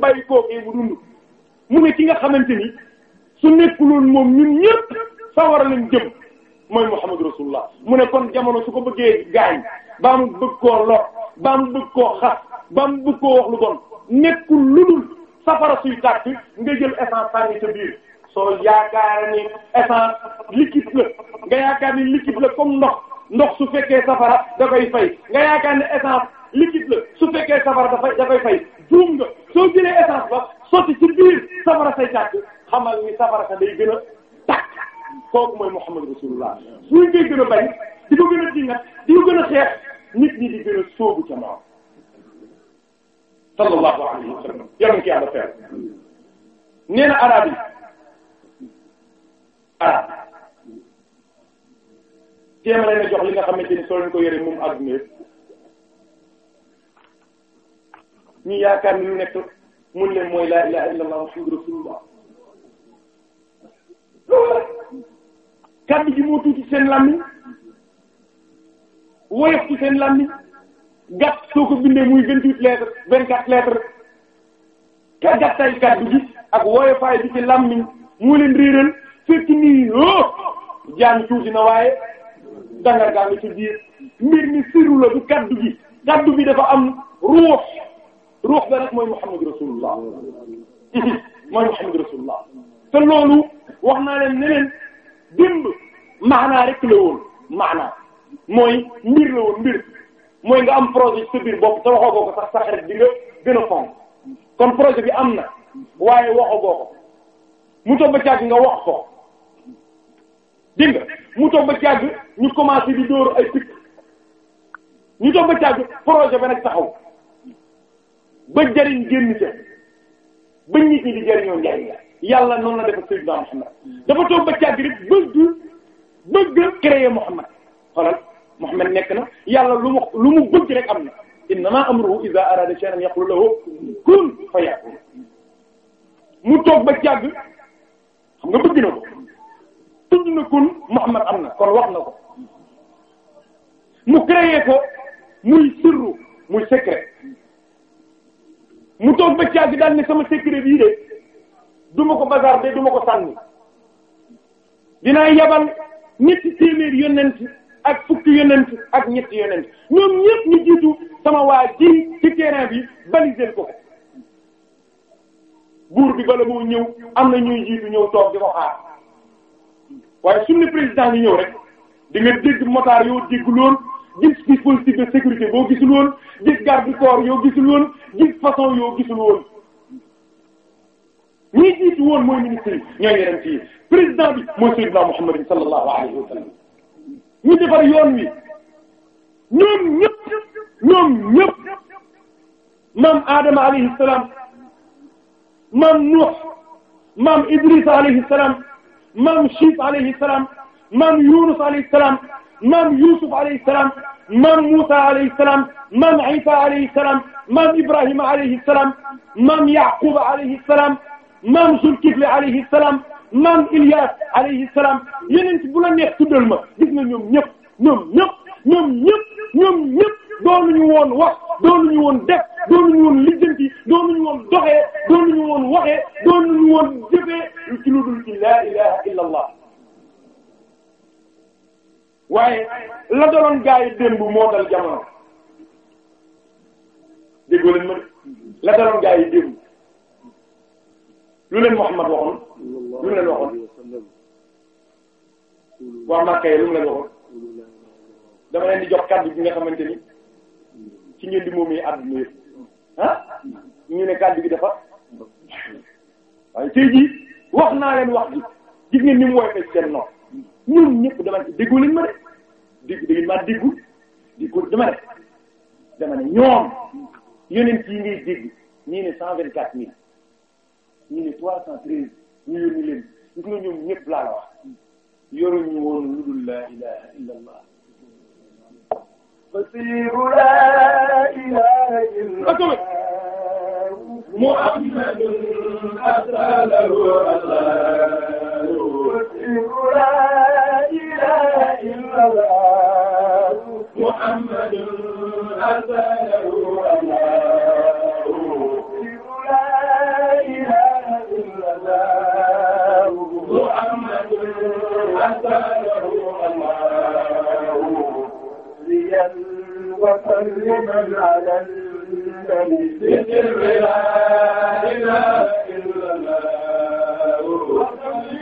bàyyi kookee bu dund mu ne ki nga xamante ni su nekkuloon moom ñun ñëpp sawara lañ jëm mooy Muhammad rasulullah mu ne kon jamono su ko bëggee gaañ baa mu bëgg koo lor baa mu bëgg koo xas baa mu bëgg koo wax lu bon nekkul lu dul safara suy tàkk nga jël essence sànni sa biir soo yaakaar ni essence liquide la nga yaakaar ni liquide la comme ndox ndox su fekkee safara da fay nga yaakaar ni essence liquide la su fekkee safara dafay fay juum nga soo jëlee essence ba sotti ci biir safara say tàkk xamal ni safara sa day gën a tàkk kooku mooy Muhammad Rasulullah suñ koy gën a bañ di ko gën a di ko gën xeex nit ñi di gën a sóobu ca moom
sallallahu alayhi ki yàlla feel
nee na arab yi arab jéema jox li nga xamante ni soo leen ko yore moom adduna ñu yaakaar ni lu nekk mun leen mooy la ilaha illallah muhammadur rasulullah kàddu gi moo tuuti seen làmmiñ woyof ci seen làmmiñ gàtt soo ko bindee muy vingt-huit lettres vingt-quatre lettres ka gàttay kàddu gi ak woyofaay bi ci làmmiñ moo leen réeral fekk nii yoo oh, jaan tuuti na waaye dangar gaa nga ci mbir mi siru la du kàddu gi kàddu gi dafa am ruux ruux ba rek mooy Muhammad rasulullah mooy Muhammad rasulullah te loolu wax naa leen ne leen démb maanaa rek la woon maanaa mooy mbir la woon mbir mooy nga am projet sa biir bopp te waxoo boo ko sax rek di nga gën a fonk kon projet bi am na waaye waxoo boo mu toog ba nga wax ko dégg nga mu toog ba càgg ñu commencé di dóor ay picc ñu toog ba càgg projet ba taxaw ba jariñ génn ca ba nit ñi di jariñoo njariñ la yàlla noonu la dafa sayyidina Muhammad dafa toog ba càgg rek bëgg bëgg créer Muhammad xoolal Muhammad nekk na yàlla lu mu lu mu bëgg rek am na innama amruhu idha arada shay'an yaqulu lahu kun fayakun mu toog ba càgg xam nga bëgg na ko tudd na kun Muhammad am na kon wax na ko mu créer ko muy sirru muy secret mu toog ba caag gi daal ne sama secret bii de du ma ko bazarder du ma ko sànni dinaa yabal ñetti téeméer yonent ak fukki yonent ak ñetti yonent ñoom ñëpp ñu jiitu sama waa ji ci terrain bi baliser ko buur bi bala moo ñëw am na ñuy jiitu ñëw toog di ko xaar waaye suñu président yi ñëw rek di dégg motaar yoo dégg lool. gis dispositif de sécurité boo gisul woon gis garde du corps yoo gisul woon gis façon yoo gisul woon ñi jiitu woon mooy ministre yi ñooy yeneen ci président bi mooy Seydina Muhammad sallallahu alayhi wa sallam ñu defar yoon wi ñoom ñëpp ñoom ñëpp maam Adama alayhi salaam maam Nuux maam Idris alayhi salaam maam Chif alayhi salaam maam Yunus alayhi salaam maam Youssouf alayhi salaam maam Moussa alayhi salaam maam Isa alayhi salaam maam Ibrahima alayhi salaam maam Yaqub alayhi salaam maam Zulkifli alayhi salaam maam Ilyas alayhi salaam yeneen ci bu la neex tuddal ma gis na ñoom ñëpp ñoom ñëpp ñoom ñëpp ñoom ñëpp doonuñu woon wax doonuñu woon def doonuñu woon lijjanti doonuñu woon doxee doonuñu woon waxee doonuñu woon jëfee ci lu dul ci laa ilaha illa allah waaye la daloon gaa yi démb moo dal jamono déggoo leen ma la daloon gaa yi démb lu leen Muhammad waxoon lu leen waxoon waa Makka yi lu mu leen waxoon dama leen di jox kàddu gi nga xamante ni ci ngeen di moom yi àdduna yëpp ah ñu ne kàddu gi dafa waaye tey jii wax naa leen wax ji gis ni mu woy fay seen noor ñoom ñëpp dama ne déggu leen ma de dégg da ngeen maa déggu déggu dama ne dama ne ñoom yonent yi ngay dégg ñii ne cent vingt quatre mille ñii ne trois cent treize ñu yónni leen ñu ko ñoom ñëpp laa la wax yoruñu
woon lu dul laa ilaha illa allah
basiru laa ilaha illa muhammadun asalahu allah لا إله إلا الله محمد أرسله الله لا إله إلا الله محمد أرسله الله ليا وسلما على النبي بسر لا إله إلا الله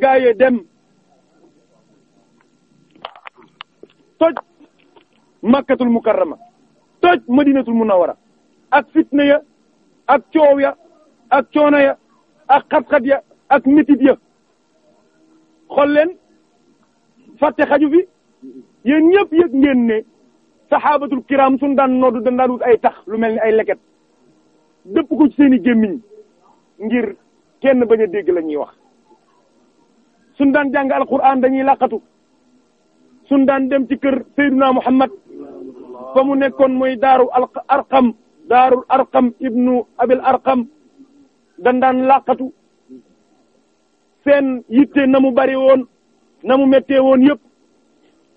gaa yi dem toj makkatul mukarrama toj madinatul munawwara ak fitna ya ak coow ya ak coono ya ak xat-xat ya ak métit ya xool leen fàtte xaju fi yéen ñëpp yëg ngeen ne saxaabatul kiram suñ daan noddu dañ daan wut ay tax lu mel ni ay leket dëpp ko ci seen gémmiñ ngir kenn bañ dégg la ñuy wax suñ daan jàng alquran dañuy laqatu suñ dem ci kër Seydina Muhammad fa mu nekkoon mooy daaru arqam daarul arqam ibnu abil arqam dan daan seen yitte na mu bari woon na mu méttee woon yëpp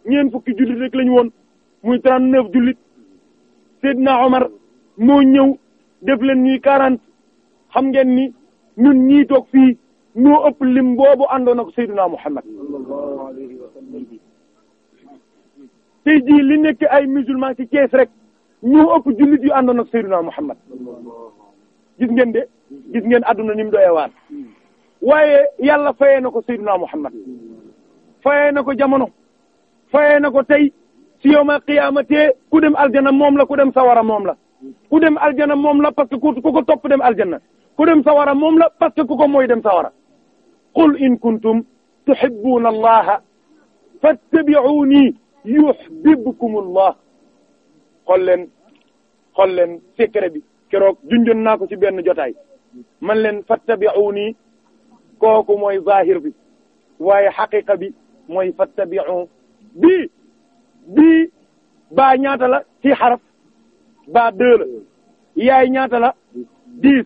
ñeen fukki jullit rek lañu woon muy trente neuf jullit Seydina Omar moo ñëw def leen ñuy quarante xam ngeen ni ñun ñii toog fii ñoo ëpp lim boobu àndoon ko Seydina Muhammad tey jii li nekk ay musulman ci Thiès rek ñoo ëpp jullit yu àndoon ak Seydina Muhammad gis ngeen de gis ngeen adduna ni mu doyee waaye yàlla fayee na ko Seydina Muhammad fayee na ko jamono fayee na ko tey si yawmal qiyaamate ku dem aljana moom la ku dem sawara moom la ku dem aljana moom la parce que ku ko topp dem aljana ku dem sawara moom la parce que ko mooy dem sawara qul in kuntum tuhibbuuna allaha fattabi'uuni yuhbibkum allah xool leen xool leen secret bi keroog junjoon naa ko ci benn jotaay man leen fattabi'uuni kooku mooy zahir bi waaye xaqiqa bi mooy fattabi'u bii bii baa ñaata la ci xaraf baa deux la yaay ñaata la dix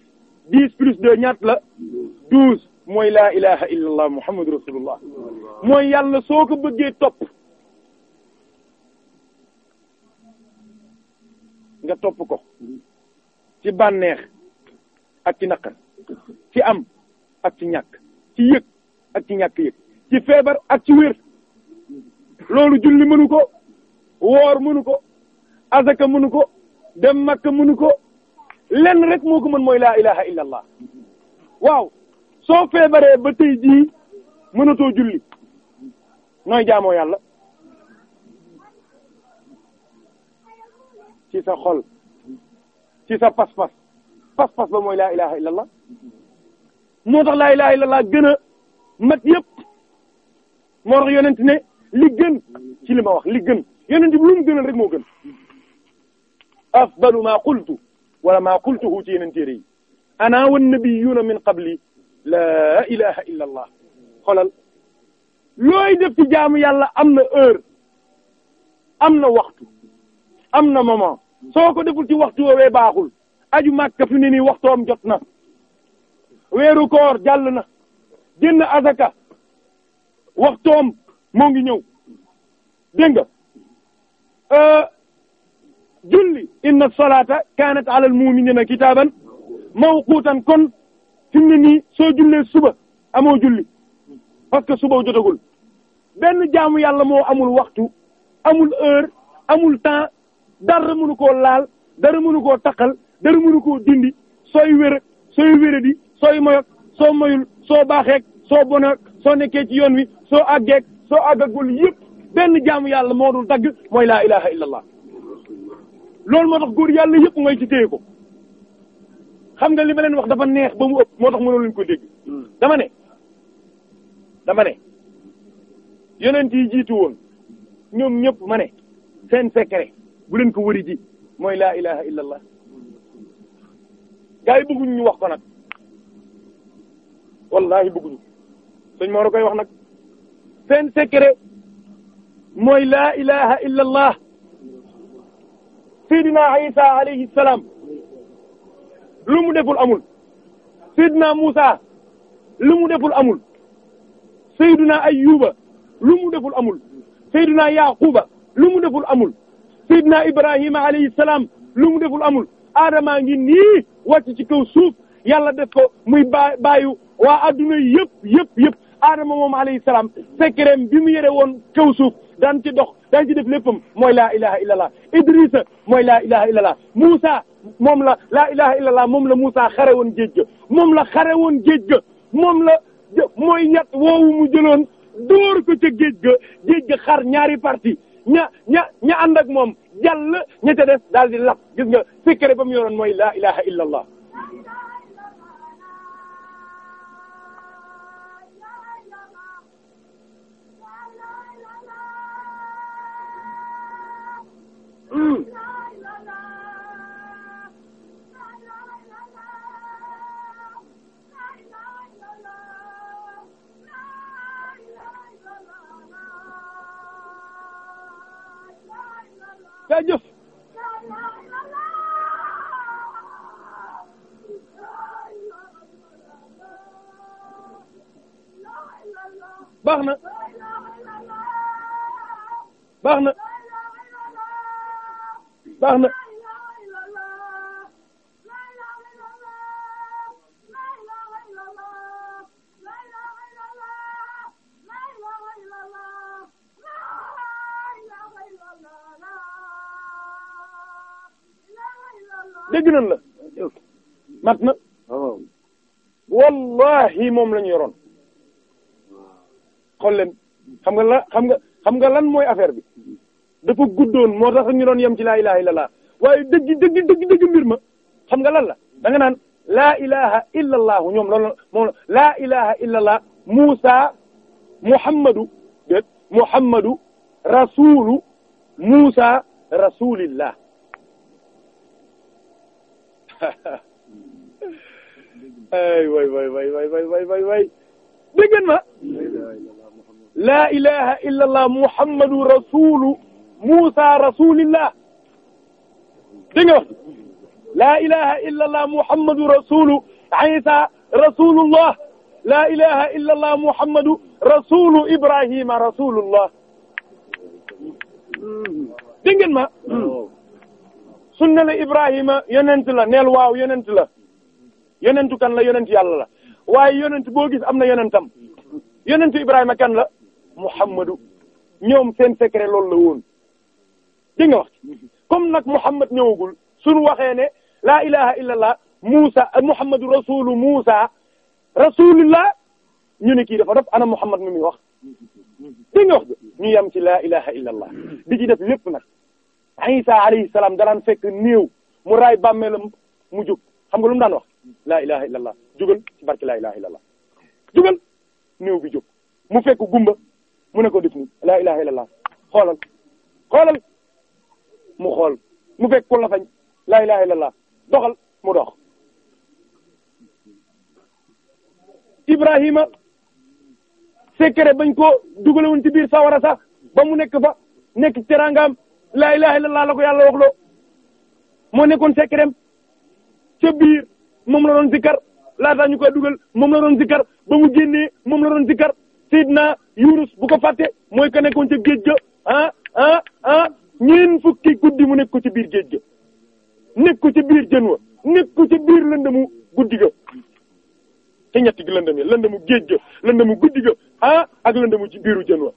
dix plus deux ñaata la douze mooy laa ilaha illa allah muhammadu rasulullah na soo ko bëggee topp nga topp ko ci bànneex ak ci naqar ci am ak ci ñàkk ci yëg ak ci ñàkk yëg ci feebar ak ci wér loolu julli mënu ko woor mënu ko azaka mënu ko dem makka mënu ko lenn rek moo ko mën mooy laa ilaha illa waaw soo feebaree ba tey jii mënatoo julli nooy jaamoo yàlla ci sa xol ci sa pas-pas pas-pas ba mooy laa ilaha illallah moo tax laa ilaha illallah gën a mat yépp moo tax yonent ne li ci li ma wax li gën yonent bi lu mu gënal moo gën afdalu ma qultu wala ma qultuhu ci yeneen téere yi ana wan nabiyuna min qabli laa ilaha illa allah looy def ci jaamu yàlla am na heure am na waxtu am na moment soo ko deful ci waxtu woowee baaxul aju màkka fi ne nii waxtoom jot na weeru koor na génn azaka waxtoom moo ngi ñëw dégg nga euh, julli inna salata kanat ala al mu'minina kon fi mu ne nii soo jullee suba amoo julli parce que suba jotagul benn jaamu yàlla moo amul waxtu amul heure amul temps dara mënu koo laal dara mënu koo taqal dara mënu koo dindi sooy wér sooy wéradi sooy moyok soo moyul soo baaxeek soo bonak soo nekkee ci yoon wi soo àggeek soo àggagul yëpp benn jaamu yàlla moo dul dagg mooy laa ilaha illallah loolu moo tax góor yàlla yëpp ngay ci téye ko xam nga li ma leen wax dafa neex ba mu ëpp moo tax mënoo leen ko dégg. Hmm. dama ne dama ne yonent yi jiitu woon ñoom ñëpp mane ne seen secret bu leen ko wëri mooy la ilaha illallah gaa yi ñu wax ko nag wallahi bëgguñu sëñ koy wax nag seen secret mooy laa ilaha illallah. Seydina Isa alayhi lu mu deful amul Seydina Muusa lu mu deful amul Seydina Ayyuba lu mu deful amul Seydina Yaquba lu mu deful amul Seydina Ibrahima alayhi salaam lu mu deful amul Adama ngi nii wàcc ci kaw suuf yàlla def ko muy baayu waa adduna yëpp yëpp yëpp aadama moom alayhi salaam secret bi mu yëre woon kaw suuf daan ci dox dan ci def léppam mooy laa ilaha illallah Idrissa mooy laa ilaha illallah Moussa moom la laa ilaha illallah moom la Moussa xare woon géej ga moom la xare woon géej ga moom la mooy ñett woowu mu jëloon dóor ko ca géej ga géej ga xar ñaari parti ña ña ña ànd ak moom jàll la ca des daal di gis nga secret ba mu yoroon mooy la ilaha illallah 嗯。jaajëf. Mm. baax na.
baax na. baax na
dégg nañ la mat na wallahi moom la ñu yoroon xool leen xam nga la xam nga xam nga lan mooy affaire bi dafa guddoon moo tax ñu doon yem ci laa ilaha illallah waaye dëgg dëgg dëgg mbir ma xam nga lan la da nga naan laa ilaha illallah ñoom loolu moom laa ilaha illallah Muusa Muhammadu déet
ay way way way way way way way way
dégg ngeen ma laa Muusa rasulillah dégg nga laa ilaha illa allah muhammadu rasulu isa rasulullah laa ilaha illa allah muhammadu rasulu ibrahima rasulullah dégg ngeen ma sunna la ibrahima yonent la neel waaw yonent la yonentu kan la yonent yàlla la waaye yonent boo am na yonentam yonentu ibrahima kan la muhammadu ñoom seen secret loolu la woon dégg nga wax comme nag Muhammad ñëwagul suñu waxee ne laa ilaha illallah Muusa ak mu rasulu Muusa rasulullah ñu ne kii dafa def ana Muhammad mi muy wax dégg nga wax bi ñu yem ci laa ilaha illallah di ci def lépp nag Isa alayhi salaam danaan fekk néew mu raay bàmmeelam mu jóg xam nga lu mu daan wax laa ilaha illallah jugal ci laa bi jóg mu fekk gumba mu ne ko def ni laa ilaha illallah xoolal xoolal mu xool mu fekk ku la fañ laa ilaha illallah doxal mu dox Ibrahima secret bañ ko dugalewuñ ci biir sawara sax ba mu nekk fa nekk teraangaam laa ilaha illallah la ko yàlla wax loo moo nekkoon secretam ca biir moom la doon zikkar laataa ñu koy dugal moom la doon zikkar ba mu génnee moom la doon zikkar Seydina Yunus bu ko fàtte mooy ka nekkoon ca géej ga ah ah, ah. ñeen fukki guddi mu nekk ko ci biir géej ga nekk ko ci biir jën wa nekk ko ci biir lëndëmu guddi ga te ñetti gi lëndëm yi lëndëmu géej ga lëndëmu guddi ga ah ak lëndëmu ci biiru jën wa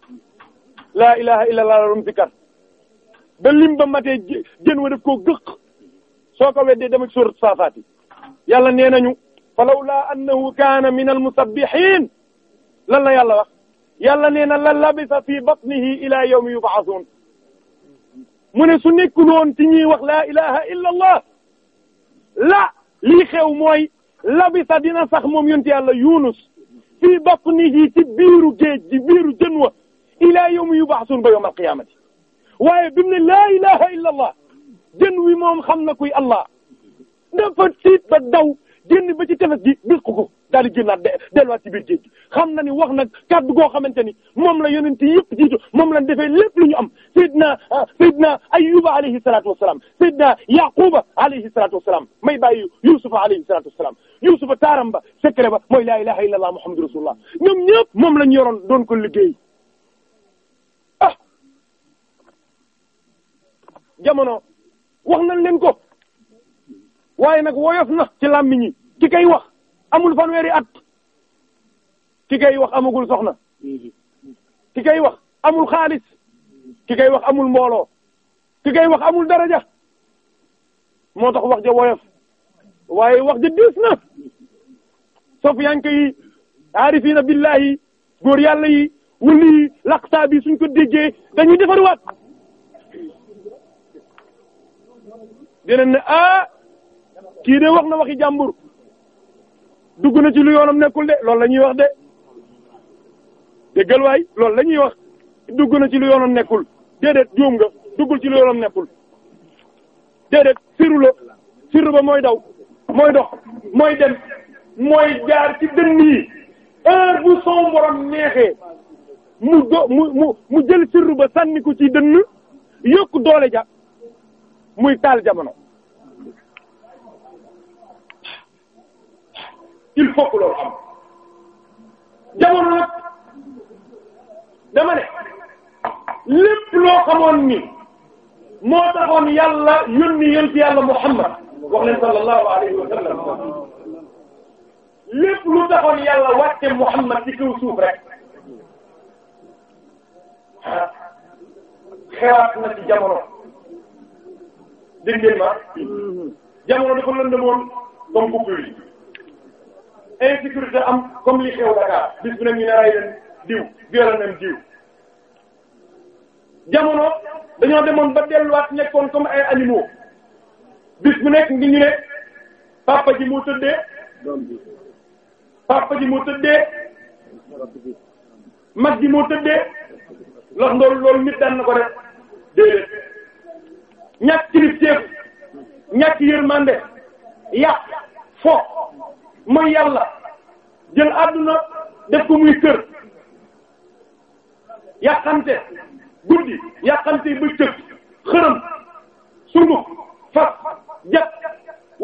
laa ilaha illa allah rom zikar ba lim ba matee jën wa daf koo gëq soo ko weddee dama ci surat saafaat yi yàlla nee nañu fa lawla annahu kaana min al lan la yàlla wax yàlla nee na la labisa fi batnihi ila yawmi yub'athun mu ne su nekkul woon ci ñuy wax laa ilaha illa allah la lii xew mooy labisa dina sax moom yonent yàlla yunus fii batnihi ci biiru géej ci biiru jën wa ila yawmi yub'athun ba yawm alqiyamati waaye bi mu ne laa ilaha illa allah jën wi moom xam na kuy allah dafa tiit ba daw génn ba ci tefes gi bis ko ko daal di génnaat de delluwaat ci biir géej gi xam na ni wax nag kàddu goo xamante ni moom la yonent yëpp jiitu moom la defee lépp lu ñu am Seydina ah, Seydina Ayyuba alayhi salaatu wasalaam Seydina Yaquba alayhi salaatu wasalaam may bàyyi Yusufa alayhi salaatu wasalaam Yusufa taaram ba secret ba mooy laa ilaha illallah muhammadu rasulullah ñoom ñëpp moom la ñu yoroon doon ko liggéey ah jamono wax nañ leen ko waaye nag woyof na ci làmmiñ yi ki kay wax amul fanweeri at ki kay wax amagul soxna ki kay wax amul xaalis ki kay wax amul mbooloo ki kay wax amul daraja moo tax wax ja woyof waaye wax ja diis na sofyanke yi aarifina billahi góor yàlla yi wuli yi laqsa bi suñ ko déggee dañuy defaruwaat dinañ ne ah kii de wax na waxi jàmbur dugg na ci lu yoonam nekkul de loolu la ñuy wax de déggal waay loolu la wax dugg na ci lu yoonam nekkul déedéet juum nga duggul ci lu yoonam nekkul déedéet siru la siru ba mooy daw mooy dox mooy dem mooy jaar ci dënn yi heure bu son neexee mu do mu mu mu jël siru ba sànni ci dënn yokk doole ja muy taal jamono il faut que loolu am jamono nag dama ne lépp loo xamoon moo taxoon yàlla yónni yónni yàlla Muhammad wax sallallahu alayhi wa sallam lépp lu taxoon yàlla wàcce Muhammad ci kaw suuf ma mm-hmm. jamono dafa lëndëmoon comme couple yi insécurité am comme li xew Dakar bis bu ne ñu ne rey leen diw violé leen diw jamono dañoo demoon ba delluwaat nekkoon comme ay animaux bis bu nekk ngi ñu ne papa ji moo tëddee papa ji moo tëddee mag ji moo tëddee lox ndool loolu nit daan na ko def déedéet ñàkk kilif ceeb ñàkk yërmande yàq fo mooy yàlla jël àdduna def ko muy kër yàqante guddi yàqante bëccëg xërëm sunguf fas jat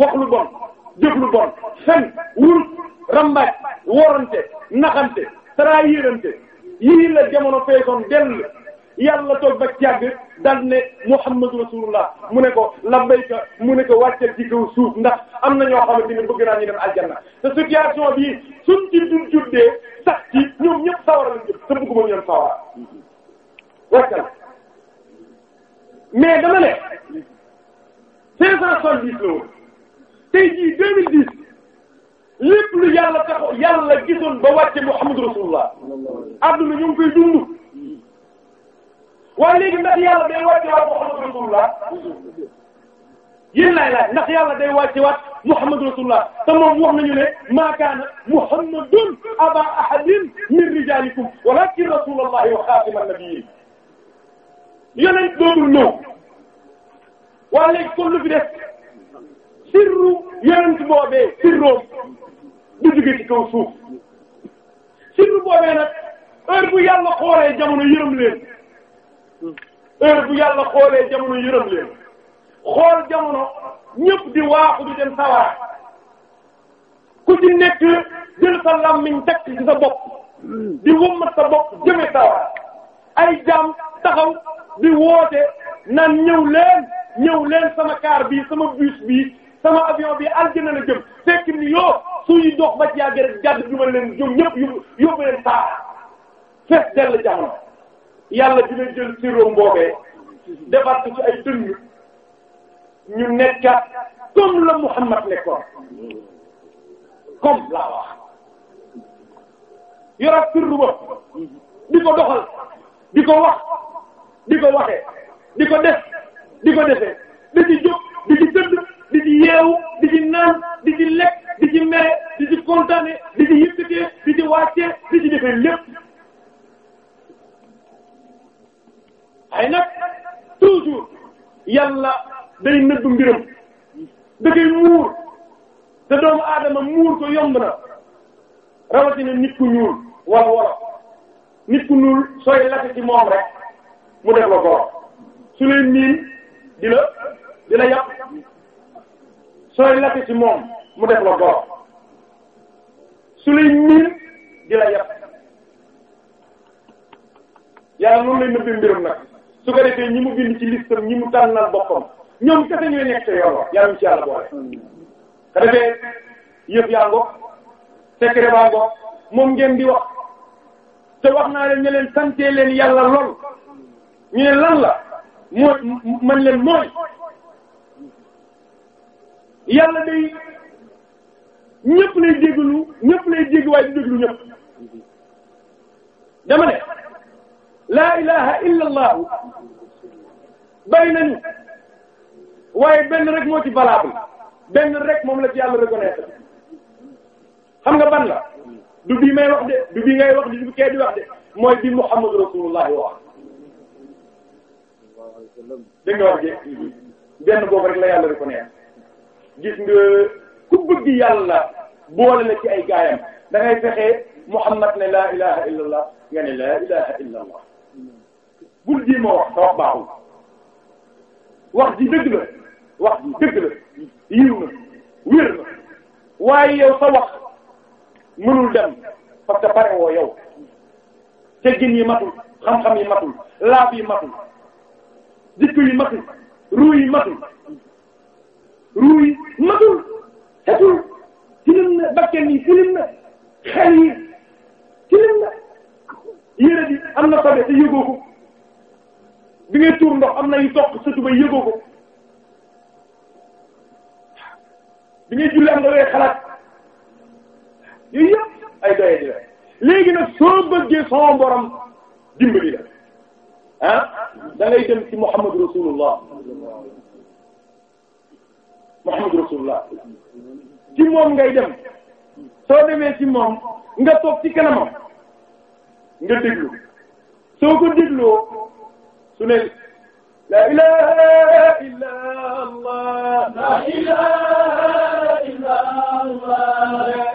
wax lu bon jëf lu bon fen wurut rambaaj worante naxante trahirante yii la jamono fekkoon dell yàlla toog ba jàgg dal ne muhammadu rasulullah mu ne ko labbayka mu ne ko wàccal ci kaw suuf ndax am na ñoo xam xamante ni bëgg naa a dem aljanna te situation bi suñ ci dul juddee sax ci ñoom ñëpp sawar lañ jëm te bëgguma ñoom sawara wàccal mais dama ne cinq cent soixante-dix la woon tey jii deux mille dix lépp lu yàlla taxo gisoon ba wàcce muhammadu rasulullah adduna ñu ngi koy dund waaye léegi ndax yàlla day wàcce waat Muhammad Rasulullah yéen laay laaj ndax yàlla day wàcce waat Muhammad Rasulullah te moom wax nañu ne maa kaana Muhammadun aba ahadin min rijalikum walakin Rasulullahi wa xaatiman nabiyyin yonent dootul ñëw waaye léegi kon lu fi def sirru yonent boobee sirroom du jóge ci kaw suuf sirru boobee nag heure bu yàlla xoolee jamono yërëm leen. heure bu yàlla xoolee jamono yërëm leen xool jamono ñëpp di waaxu di dem sawara ku ci nekk jël sa làmmiñ takk ci sa bopp di wëmmat sa bopp jëme sawara ay jaam taxaw di woote naan ñëw leen ñëw leen sama car bi sama bus bi sama avion bi aljana la jëm fekk bi yoo suy dox ba ci yàgg rek jàdd juma leen jëm ñëpp yóbbu leen saara fees dell jamono yàlla dina jël siroom boobee defar ci ay dënn ñu nekkat comme la Muhammad nekkoon comme laa wax yorat sirru ba di ko doxal di ko wax di ko waxee di ko def di ko defee di ci jóg di ci tëdd di ci yeewu di ci naan di ci lekk di ci mere di ci kontaane di ci yëkkatee di ci wàccee di ci defee lépp ay nag toujours yàlla day nëbb mbiram da koy muur te doomu aadama muur ko yomb na rawatina nit ku ñuul wala wala nit ku ñuul sooy lakk ci moom rek mu def la ko su lay niin di la di sooy lakk ci moom mu def la ko su lay niin di la yàq yàlla noonu lay nëbbi mbirum nag su ko defee ñi mu bind ci listam ñi mu tànnal boppam ñoom kese ñooy nekk ca yoon wa yàlla ci yàlla boole. ka defee yëf yaa ngoog secret moom ngeen di wax te wax naa leen ñu leen santee leen yàlla lool ñu lan la mooy man leen mooy yàlla day ñëpp lay déglu ñëpp lay dégg waaye du déglu ñëpp dama laa ilaha illa allah bari waaye benn rek moo ci valable benn rek moom la ci yàlla nga ban la du bii may wax de du bii ngay wax de du kee di wax de mooy bi muhammadu rasulullah wax dégg nga wax de benn boobu rek la yàlla reconnaître gis nga ku bëgg yàlla boole la ci ay gaayam da ngay fexe muhammad ne laa ilaha illa allah nga ne laa bul ji ma wax sa wax baaxul wax ji dëgg la wax ji dëgg la yiw na wér na waaye yow sa wax mënul dem parce pare woo yow teggin yi matul xam-xam yi matul laaf yi matul jikko yi matul ruu yi matul ruu yi matul na bakken yi tilim na xel yi tilim na yére am na sobe te yëgoo bi ngay tuur ndox am na yu toq sa tuba yëgoo ko bi ngay julli nga looy xalaat yooyu ay doye di la léegi nag soo bëggee sama borom dimbali la ah da ngay dem ci Muhammad Rasulullah Muhammad Rasulullah ci moom ngay dem soo demee ci moom nga toog ci kanamam nga déglu soo ko dégloo su ne
la ilaha illa
allah la ilaha
illa allah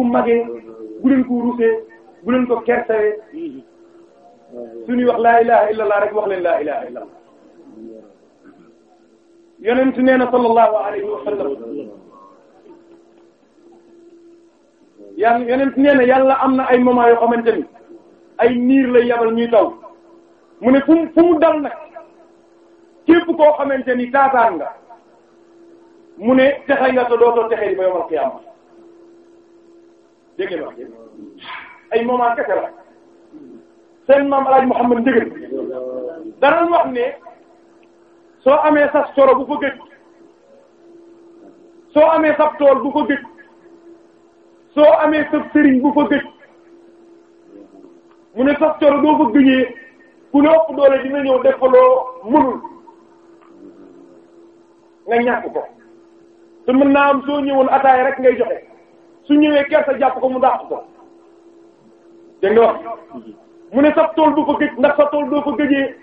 ko magee bu ko rusee bu ko kersawee suñuy wax laa ilaha illallah rek wax leen laa ilaha illallah yonent nee na sallallahu alayhi wa sallam yàlla yonent nee na am na ay moment yoo xamante ni ay niir lay yabal ñuy taw mu ne fu mu fu mu dal nag képp koo xamante ni taataan nga mu ne texe nga te dootoo texe di ba yomal qiyaama dégg wax ay moment kese la seen maam alaaj Muhammad Ndieguene danañ wax ne soo amee sa soro bu ko gëj soo amee sa tool bu ko amee sa sëriñ bu ko gëj mu ne sa soro doo ko gëjee ku la ëpp doole dina ñëw def loo mënul nga ñàkk ko te mën naa am soo ñëwoon ataay rek ngay joxe. su ñëwee gerte jàpp ko mu dàq ko dégg mu ne sa tool du ko gëj ndax sa tool doo ko gëjee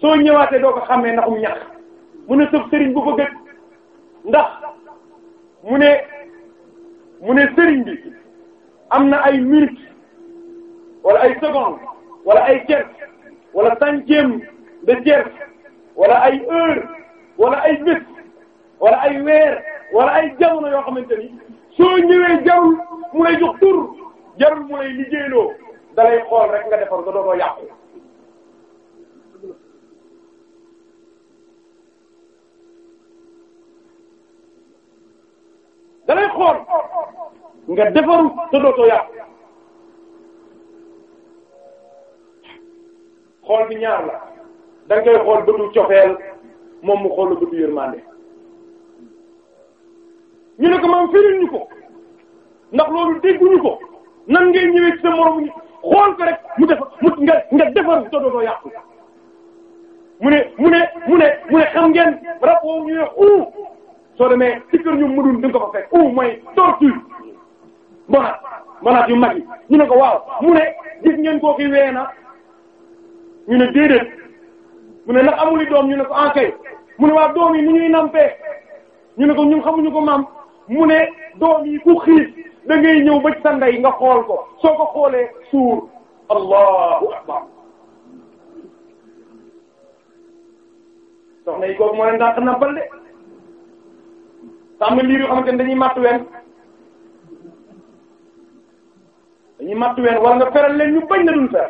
soo ñëwaatee doo ko xamee ndax mu ñax mu ne sa sëriñ bu ko gëj ndax mu ne mu ne sëriñ bi am na ay minutes wala ay secondes wala ay tiers wala centième de tiers wala ay heure wala ay bés wala ay weer wala ay jamono yoo xamante ni soo ñëwee jarul mu lay jox tur jarul mu lay liggéeyloo dalay xool rek nga defar nga dootoo yàqu dalay xool nga defaru te dootoo yàqu xool bi ñaar la da ngay xool bëtu cofeel moom mu xool bëtu yërmande ñu ne ko maam firil ñu ko ndax loolu dégguñu ko nan ngay sa morom xool ko rek mu def mu nga nga defar dodootoo yàqu mu ne mu ne mu ne mu ne xam ngeen rab woowu ñu ne uu soo demee ci kër ñu mënul di nga ko fa fekk uu yu mag yi ñu ne ko waaw mu ne gis ngeen koo ki wee na ñu ne déedéet mu ne ndax amuli doom ñu ne ko en ah kay mu ne waa doom yi ni ñuy nampee ñu ne ko ñu xamuñu ko maam mu ne doom yi ku xiif da ñëw ba sa ndey nga xool ko soo ko xoolee suur allahu akbar soxna yi kooku moo leen dàq nappal de
sàmm liir yoo xamante ne dañuy
matt ween dañuy matt ween war nga feral leen ñu bañ na duñ fer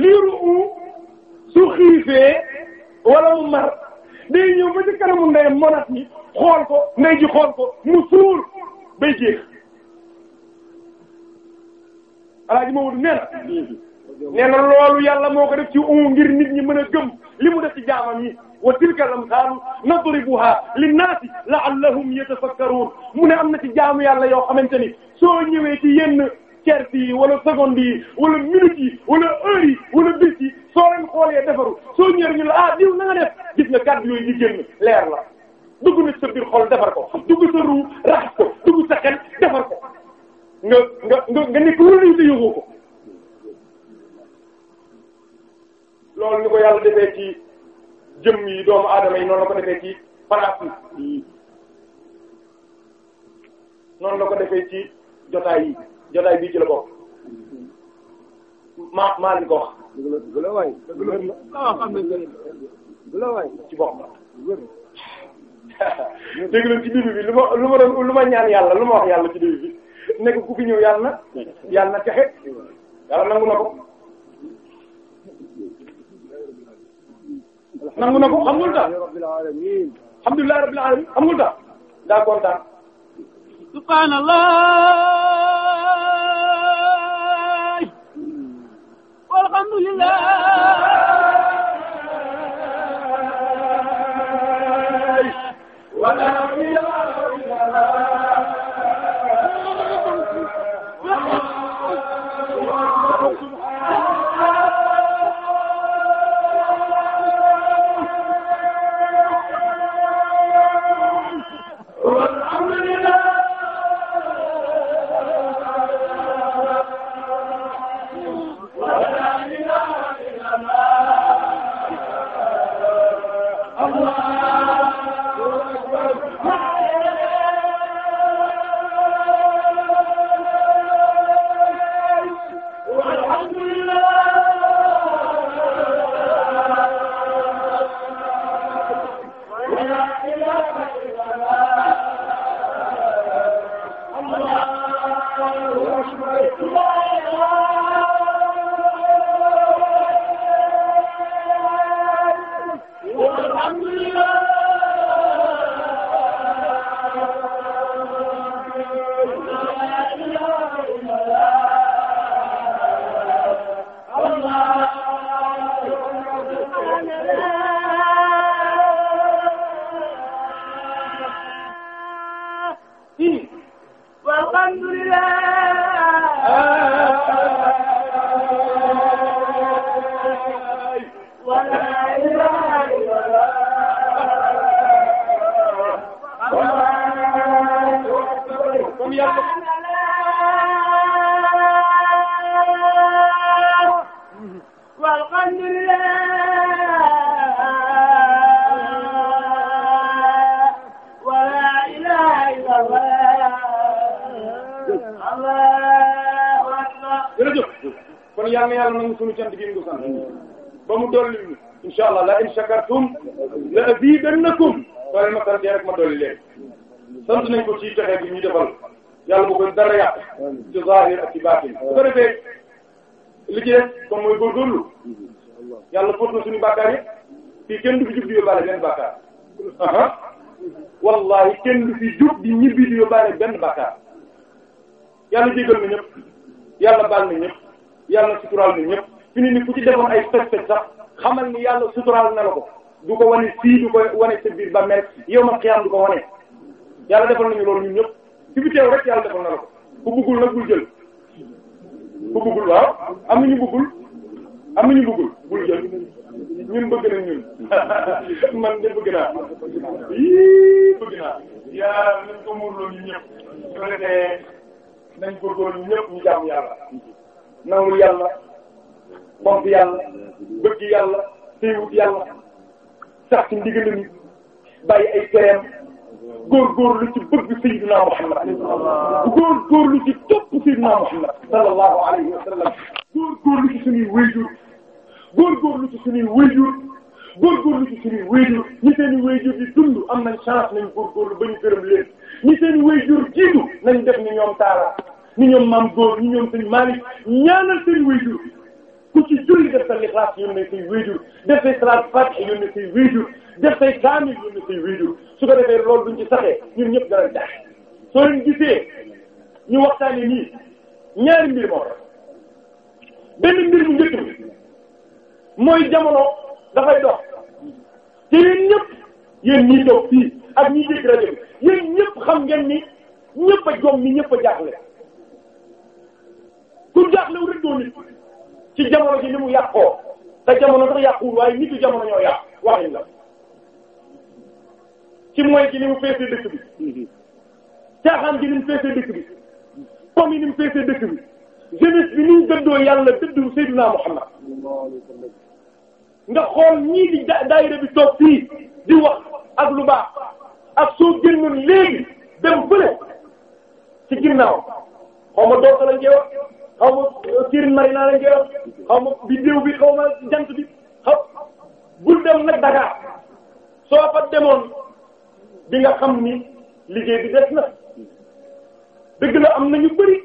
liiru u su xiifee wala mu mar day ñëw ba ci kanamu ndeyam monat yi xool ko ndey ji xool ko mu suur bay jeex alaaji Maodo nee na nee na loolu yàlla moo ko def ci u ngir nit ñi mën a gëm li mu def ci jaamam yi wa tilka lamsaalu nadribuha linnaasi la'allahum yatafakkaruun mu ne am na ci jaamu yàlla yoo xamante ni soo ñëwee ci yenn certes yi wala seconde yi wala minutes yi wala heure yi wala bis yi soo leen xoolee defaru soo ñëwee ñu la ah diw na def gis nga kàddu yooyu génn leer la dugg na sa biir xol defar ko dugg sa ruu raxas ko dugg sa defar ko nga nga nekk lu ñu te ko loolu ni ko yàlla defee ci jëmm yi doomu aadama yi noonu la ko defee ci place yi noonu la ko defee ci jotaay yi jotaay bii ci la bokk maa maa ko wax. dëgg la waay dëgg la ah xam nga dëgg la waay ci bokk
dégg la
ci début bi lu ma lu ma doon lu ma ñaan yàlla lu ma yàlla ci début bi nekk ku fi ko.
nangu na ko xam nga rabbil
alamin xam daa kontaan. subhanallah
walhamdulillah wala ilaha illallah
zahir ak ci baatin bu ko defee li ci def kon mooy góorgóorlu yàlla fóot na suñu bàkkaar yëpp fii kenn du fi jub di yóbbaale benn bàkkaar aha wallahi kenn du fi jub di ñibbi di yóbbaale benn bàkkaar yàlla jégal na ñëpp yàlla baal na ñëpp yàlla suturaal na ñëpp fi ni ku ci defoon ay fecc fecc sax xamal ni yàlla suturaal na la ko du ko wane fii du ko wane sa biir ba mel yow ma xiyam du ko wane yàlla defal nañu loolu ñun ñëpp fi fi teew rek yàlla ku bëggul waaw am nañu bëggul am nañu bëggul bul jël ñun bëgg nañ ñun man de bëgg naa yii bëgg naa yaa nañ ko muurloo ñu ñëpp su ko defee nañ bëggoon ñu ñëpp ñu jàmm yàlla nawul yàlla pomp yàlla bëgg yàlla téewut yàlla sax ci ndigal ni bàyyi ay
góorgóorlu ci
bëgg Seydina Muhammad góorgóorlu ci topp Seydina Muhammad sallallahu alayhi wa sallam góorgóorlu ci suñuy wéyjur góorgóorlu ci suñuy wéyjur góorgóorlu ci suñuy wéyjur ñi seen wéyjur yi dund am nañ chance nañ góorgóorlu ba ñu gërëm leen ñi seen wéyjur jiitu nañ def ni ñoom taala ni ñoom maam góor ni ñoom seen Maalik ñaanal seen wéyjur ku ci julli def sa lixlaas yónnee say wéyjur def say salaat fatiha yónnee say wéyjur def say kaamil yónnee say wéyjur su ko defee loolu duñ ci saxee ñun ñëpp dara jax soo leen gisee ñu waxtaanee nii ñaari mbir moo benn mbir mu njëkk mooy jamono dafay dox te yéen ñëpp yéen ñii toog fii ak ñi dégg rajo bi yéen xam ngeen ni ñëpp a jom ni ñëpp a jaaxle ku jaaxlew rek doo ci jamono ji li mu yàqoo te jamono sax yàquwul waaye nit yi jamono ñoo yàq waxin la ci mooy ci li mu feesee dëkk bi caaxaan ji ni mu feesee dëkk bi pomme ni mu feesee dëkk bi jeunesse bi ni ñu dëddoo yàlla dëddu Seydina Muhammad nga xool ñii di daayira bi toog fii di wax ak lu baax ak soo génnoon léegi dem fële ci ginnaaw xaw ma dootala njëwa xaw ma Sirène Marina lañ koy wax xaw biddew bi xaw ma jant bi xaw bul dem nag Dakar soo fa demoon di nga xam ni liggéey bi des na dëgg la am na ñu bari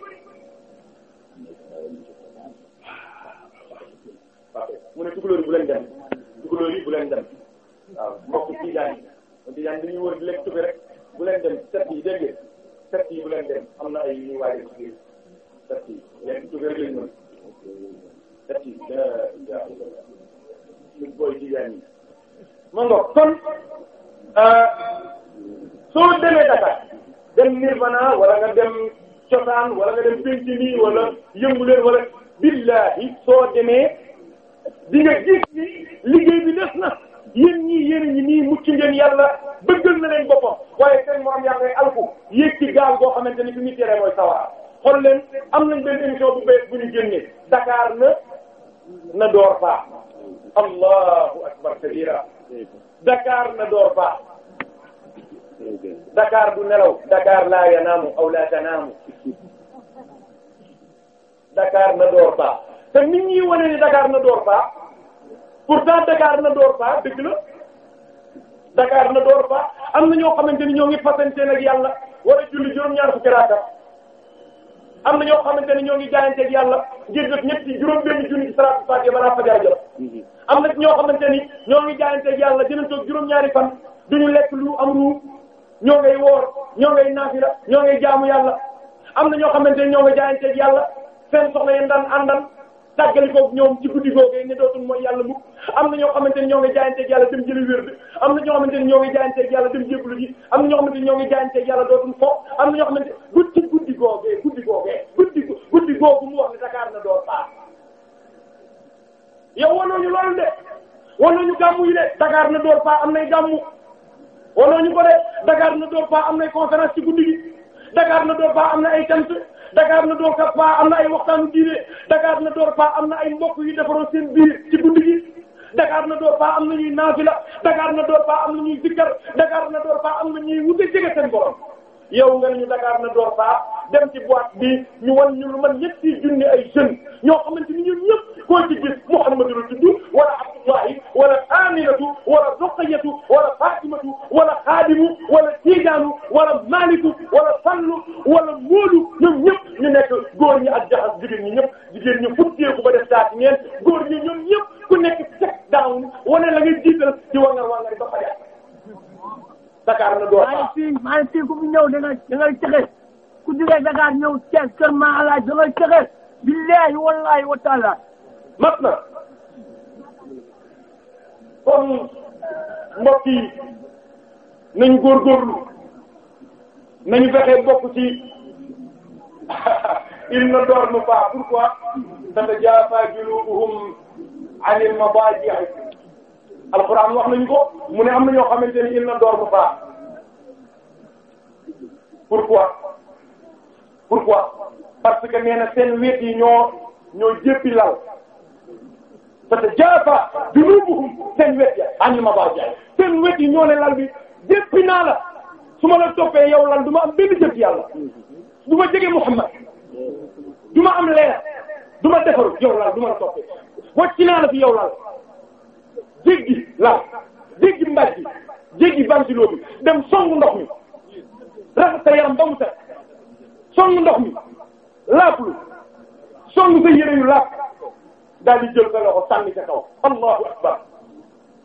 mu ne tukulóor yi bu leen dem
tukulóor yi bu leen
dem waaw mbokk tiijaan yi tiijaan dañuy di lekk tubi rek bu dem set yi dégg set yi dem am na
ay ñuy waaye Tati léegi su fekkee ñun Tati ñu yi. ma kon euh, soo demee Dakar
dem Nirvana wala nga dem Cosaan wala nga dem Pentini wala yëngu leen wala soo demee di gis ni liggéey bi des na yéen ñii yéen ñi nii mucc ngeen yàlla bëggal na leen boppam waaye seen morom yaa ngay alku yéeg gaal goo xamante ni fi muy tere mooy sawar. xool leen am nañ benn émission bu bees bu ñu génnee Dakar na na door faa allahu akbar kabira Dakar na door faa Dakar du nelaw Dakar la yanaamu aw la tanaamu Dakar na door faa te nit ñi wane ni na door faa pourtant Dakar na door faa dëgg la Dakar na door faa am na ñoo xamante ni ñoo ngi fasante nag yàlla war julli juróom-ñaar fukki raaka am na ñoo xamante ne ñoo ngi jaayanteeg yàlla ngir jot ñett ci juróom benn junni ci salaatu faatiha balaa fajar jot am na ñoo xamante ni ñoo ngi jaayanteeg yàlla dinañ toog juróom-ñaari fan duñu lekk lu am ruu ñoo ngay woor ñoo ngay naafila ñoo ngay jaamu yàlla am na ñoo xamante ne ñoo nga jaayanteeg yàlla seen soxla yeen daan àndal tàggali koog ñoom ci guddi googu ne dootul mooy yàlla mukk am na ñoo xamante ne ñoo ngi jaayanteeg yàlla dem jëli wér bi am na ñoo xamante ne ñoo ngi jaayanteeg yàlla dem jébbalu ji am na ñoo xamante ne ñoo ngi jaayanteeg yàlla dootul fo am na ñoo xamante bu ci guddi googee guddi googee guddi googu mu wax ne Dakar na door paas yow wanoo ñu loolu de wanoo ñu gàmmu de Dakar na door paas am nay na door ci guddi gi Dakar na door paas am na ay cant Dakar na door paas am na ay waxtaanu diine Dakar na door paas am na ay mbokk yu defaroo seen biir ci guddi gi. Dakar na door paas am na ñuy naafila Dakar na door paas am na ñuy zikkar Dakar na door paas am na ñuy wute jege seen borom. yow nga ñu Dakar na door baax dem ci boîte bi ñu wan ñu lu man ñetti junni ay jeunes ñoo xamante ni ñun ñëpp koo ci gis Muhammadu la tudd wala Abdullahi wala Aminatu wala Ruqayatu wala Fatimatu wala Xaadimu wala Tijaanu wala Maliku wala Fallu wala Móodu ñoom ñëpp ñu nekk góor ñi ak jaxas jigéen ñi ñëpp jigéen ñi futteeku ba def saati ñeen góor ñi ñoom ñëpp ku nekk check down wane la ngay jiital di wangar wangar ba pare Dakar na door maa ngi maa ngi fii ku fi ñëw da nga da ngay texe ku jógee Dakar ñëw Thiès Kër Ma Alaaj da ngay texe billahi wallahi wa taala mat na kon mbokk yi nañ góorgóorlu nañu fexe bokk ci ils ne dorment pas pourquoi tatajaafaa junuubuhum anil madaaji' alxuraan wax nañu ko mu ne am na ñoo xamante ni il na door bu baax pourquoi pourquoi parce que nee na seen wet yi ñoo ñoo jéppi lal parce que jaafa junubuhum seen wet ma seen wet yi ñoo ne lal bi jéppi naa la su ma la toppee yow lan du ma am benn jëf yàlla du ma jege Muhammad
du ma am leer
du ma defaru yow lan du ma la toppee wàcc naa la fi yow lan jéggi la jéggi mbàjj jéggi ventilo bi dem songu ndox mi raxas sa yaram ba mu set songu ndox mi laaplu songu sa yére yu laap daal di jël sa loxo sànni sa kaw allahu akbar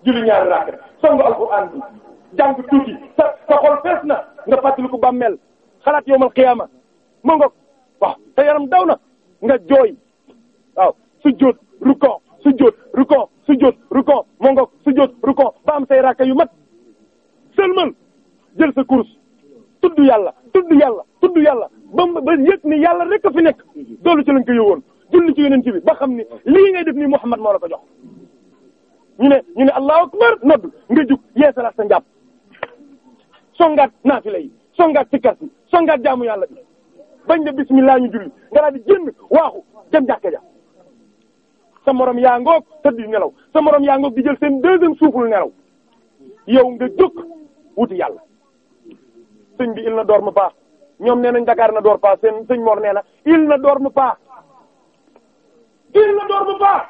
julli ñaari rakka songu alquran bi jàng tuuti sa xol fees na nga fàttaliku bàmmeel xalaat yowmal qiyaama ma ngoog waaw sa yaram daw na nga jooy waaw su jóot sujjóot rukon sujjóot rukon mongok sujjóot rukon ba am say rakka yu mat sëlmal jël sa course tudd yàlla tudd yàlla tudd yàlla ba ba yëg ni yàlla rek a fi nekk doolu ci lañ ko yëwoon julli ci yeneen ci bi ba xam ni lii ngay def nii Muhammad moo la ko jox ñu ne ñu ne allahu akbar nodd nga jug yeesalaat sa njàpp songaat naafila yi songaat sikkar si songaat jaamu yàlla bi bañ ne bismillah ñu julli nga daal di waaxu dem jàkka ja sa moroom yaa ngoog tëdd di nelaw sa morom yaa ngoog di jël seen deuxième souffle nelaw yow nga jóg wuti yàlla sëñ bi il ne mu pas ñoom nee nañ Dakar na dort pas seen sëñ Mor nee il ne dorme pas il ne dorme pas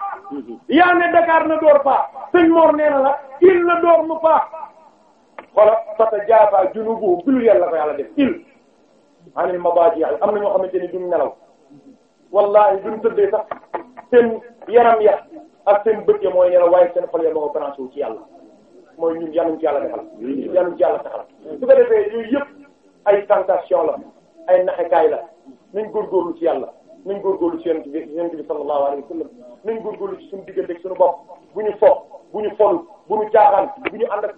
yaa ne na dort pas sëñ Mor ne dorme pas xoola fata jaaba junubuhum bi lu yàlla ko yàlla def il anil mabaji am na ñoo xamante ni duñ nelaw wallahi duñ tëddee sax seen yaram ya ak seen bët ya mooy nelaw waaye seen xol ya moo ko branché wu ci yàlla mooy ñun yàlla ci yàlla defal yàlla ci yàlla taxal su ko defee yooyu yëpp ay santation la ay naxekaay la nañ góorgóorlu ci yàlla nañ góorgóorlu ci yonent bi yonent bi ci suñu diggante ak suñu bopp bu ñu fo bu ñu folu bu ñu caaxaan bu ñu ànd ak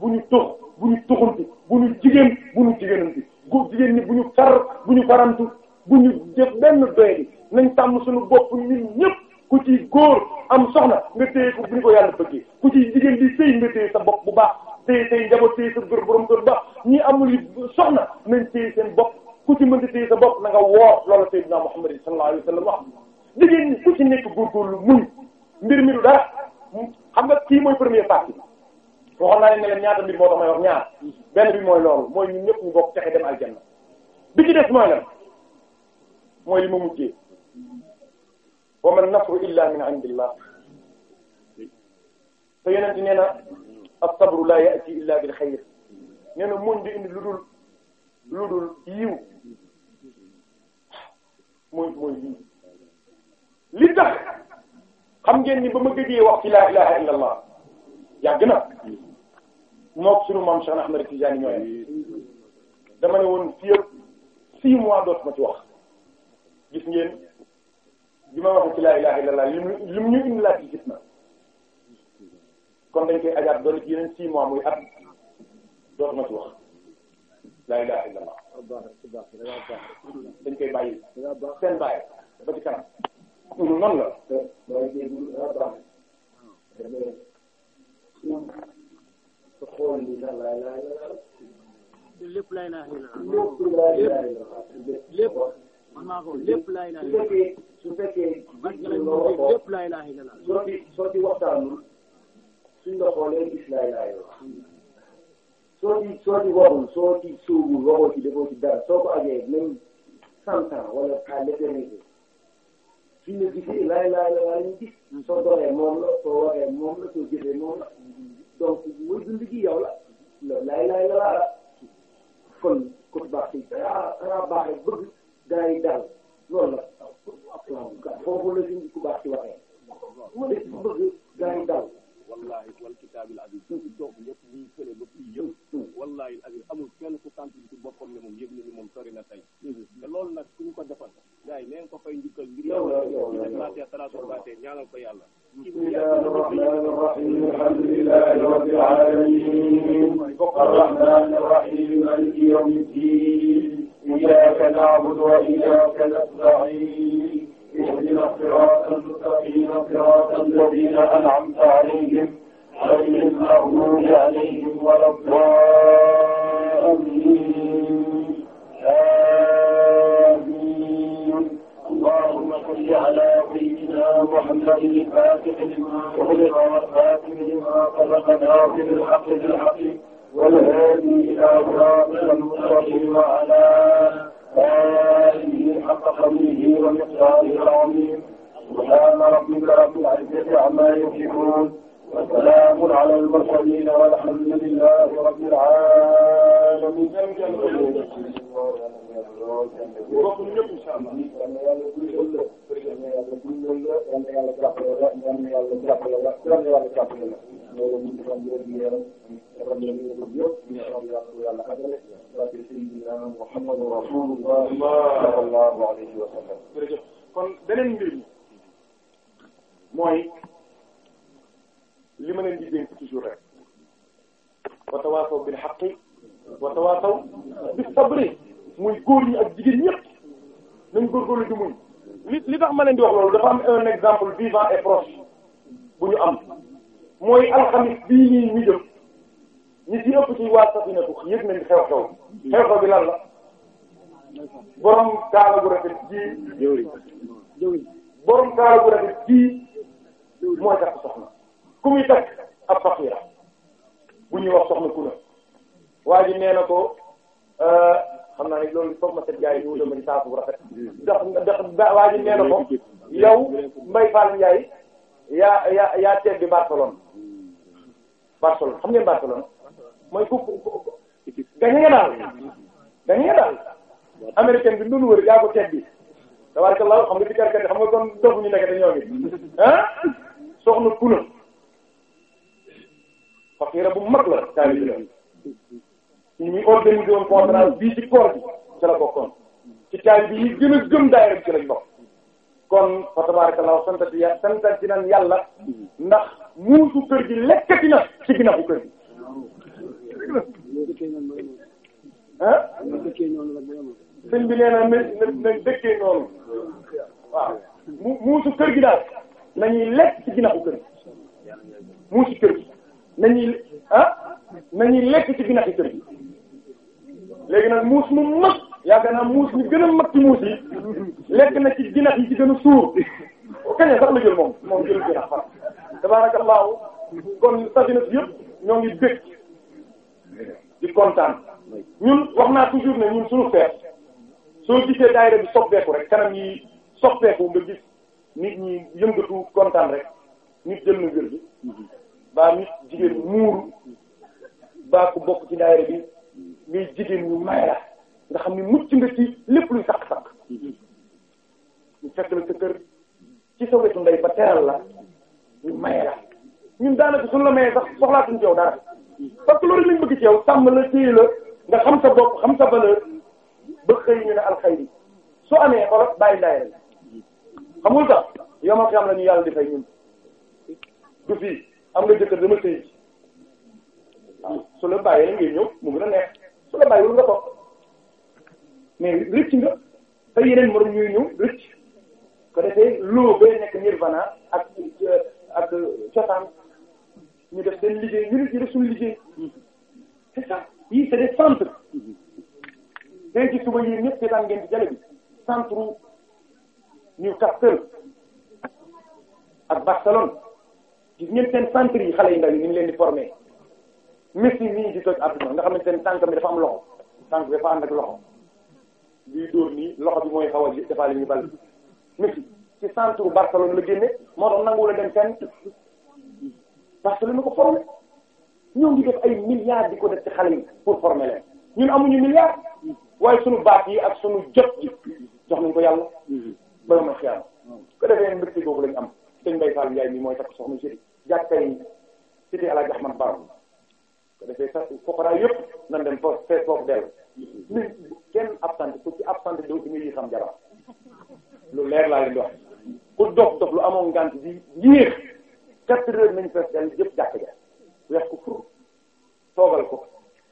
bu ñu tux bu ñu tuxantu bu ñu jigéen bu ñu jigéenantu góor jigéen ñi bu ñu far bu ñu farantu bu ñu def benn doy nañ tàmm suñu bopp ñun ñëpp ku ci góor am soxna nga téye ko bu ñu ko yàlla bëggee ku ci jigéen di sëy nga téye sa bopp bu baax téye say njaboot téye sa góor borom kër bu ñi amul soxna nañ téye seen bopp ku ci mën di téye sa bopp na nga woor loolu sayyidina Muhammad sallallahu alayhi wasallam wax jigéen ñi ku ci nekk góorgóorlu muñ mbir mi du dara xam nga kii mooy première partie waxoon naa leen ne ñaata mbir moo tax may ñaar benn bi mooy loolu mooy ñun ñëpp ñu bokk wa man nafru illa min indillah te yonent nee na as-sabru la ya'ti illa bil xayr nee na muñ di indi lu dul lu dul yiw mooy mooy yiw li tax xam ngeen ni ba ma gëjee wax ci la ilaha illa allah yàgg na mook sunu maam Cheikh Ahmed Tidiane ñooy dama ne woon fii yëpp six mois dootuma ci wax gis ngeen bi ma waxee ci laa ilaha illallah li mu li mu ñu indilaat ci fitna kon dañ koy ajaat doole ci yeneen six mois muy ma
ci wax laa ilaha illallah dañ koy bàyyi seen bàyyi ba ci kanam noonu la
lépp laa man maa ko lépp laa ilaaha illallaah su fekkee lépp laa ilaaha illallaah soo ci soo ci waxtaanul suñ la xoolee gis laa ilaaha illallaah soo ci soo ci waxul soo ci suugul waxoo ci defoo ci dara soo ko ajee même cent ans wala à l'éternité suñ la gisee laa ilaaha illallaah ñu gis mm. soo doxee moom la soo waxee moom la soo jëfee moom la donc muy dund gi yow la laa ilaaha illallaah kon ku baax ci dara dara baaxee bëgg gaa yi daal loolu la waaw foofu la suñ ku baax ci waxee
ma ne bëgg gaa yi daal wallahi wal kitaabil
aziz ci toog ñëpp ñuy fële ba fii
yëpp wallahi aziz amul kenn ku sant ci boppam ne moom yëg na ni moom sori na tey te loolu
nag suñu ko defal gars yi neen ko fay njukkal ngir
yàlla salaatul faatee
ñaanal ko yàlla
bismillahi rahmani rahim alhamdulillahi rabbil alamin arrahmani rahim maliki yawmiddin إياك نعبد وإياك نستعين اهدنا الصراط المستقيم صراط الذين أنعمت عليهم غير المغضوب
عليهم ولا الضالين آمين اللهم صل على سيدنا محمد الفاتح لما خلق والفاتح لما خلق ناصر الحق بالحق
والهادي إلى صراط المستقيم وعلى آله حق قدره ومقداره العظيم سبحان ربك رب
العزة
عما يصفون وسلام على المرسلين والحمد لله رب العالمين. yàlla yàlla loolu ñu ngi xam wér gu yaram defal leen li nga yëpp ñu xam yàlla xajale parce que sayyidina Muhammadu Rasulullah sallallahu alayhi wa sallam. jërëjëf kon beneen mbir mi mooy
li ma leen di dénk toujours rek wa tawaasaw bil haqqi wa tawaasaw bis sabri muy góor ñi ak jigéen ñëpp nañ góorgóorlu di muñ li li tax ma leen di wax loolu dafa am un exemple vivant et proche bu ñu am. mooy alxamis bii nii ñu jëm ñi ci ëpp ci waa Safinatu yëg nañ xew-xew xew-xew bi lan la borom kaala gu rafet ji borom kaala gu rafet ji mooy takk soxna ku muy takk ab faqiira bu ñuy wax soxna ku na waa ji nee na ko euh, xam naa ne loolu foog ma set gars yi ñu dem ci saafu bu rafet ndax ndax waa ji nee na ko yow Mbaye Fall Ndiaye yaa yaa yaa teg di Barcelone xam ngeen Barcelone mooy ku gañe nga daal gañe nga daal américain bi ndul wër yaa ko teg bi tabarkallah xam nga ci karkat xam nga kon dofuñu nekk te ñoo ngi ah soxna kuna fakiira bu mag la taalibi la ñu muy organisé woon conférence bii ci koor bi ci la bokkoon ci taalibi lañ bokk kon fa tabarakallah santati ya santati nan yàlla ndax muusu kër gi lekkati na ci ginnaaw kër gi ah sëñ bi nee na na na dëkkee noonu muusu kër gi daal nañuy lekk ci ginnaaw kër gi muusu kër gi nañuy ah nañuy lekk ci ginnaaw kër gi léegi nag muus mu mag yaakaar naa muus ñu gën mag ci muus yi lekk na ci ginax yi ci gën a suur kañe sax la jël moom moom jël ginax far tabarakallahu kon safina si yëpp ñoo ngi bëgg di kontaan ñun wax naa toujours ne ñun suñu feet soo gisee daayira bi soppeeku rek kanam yi soppeeku nga gis nit ñi yëngatu kontaan rek nit jël na jël bi baa nit jigéen muuru baa ku bokk ci daayira bi ngay jigéen ñu may la nga xam ne mucc nga ci lépp luy sàq-sàq ñu fekk la sa kër ci sa wetu ndey ba teral la ñu maye la ñun daanaka suñu la mayee sax soxlaatuñ ci yow dara parce que loolu lañ bëgg ci yow sàmm la téye la nga xam sa xam sa valeur ba xëy ñu ne alxayri soo amee xolo bàyyi laay rek xamul sax yow fi am la ñu yàlla di ñun du fii am nga jëkkër dama sëy su la bàyyee la ngay ñëw mu gën a neex su la bàyyi wul nga toog mais rëcc nga te yeneen morom ñuy ñëw rëcc ko defee loo bay nekk nirvana ak euh, ak cosaan ñu def seen liggéey ñu ñu def suñu liggéey c'est ça yii c'est des centres léegi suba yéen ñëpp seetaan ngeen di jale bi centre Newcastle ak Barcelone gis ngeen seen centre yi xale yi ndaw yi ñu leen di former Messi nii di toj àdduna nga xamante ne tànk mi dafa am loxo tànk dafa ànd ak loxo bii dóor nii loxo bi mooy xaw a defaale ñu bal si ci centre Barcelone la génne moo tax nangu la dem fenn Barcelone na ko formé ñoo ngi def ay milliards di ko def ci xale yi pour former leen ñun amuñu milliards waaye sunu baat yi ak sunu jot ji jox nañ ko yàlla ba nga ma xiyam ko defee mbirti boobu lañ am sëñ Mbaye Fall Ndiaye mi mooy takk soxna si jàkkay cité El Hadj Ahmad Baro ko defee sax foqara yëpp nan dem foofu fee foofu dellu nit kenn absent ku ci absent doo ci nga xam jabar lu leer laa leen di wax ku dof dof lu amoon ngant bi yéex quatre heures nañ fees dal jëpp jàkk ja weex ko fur toogal ko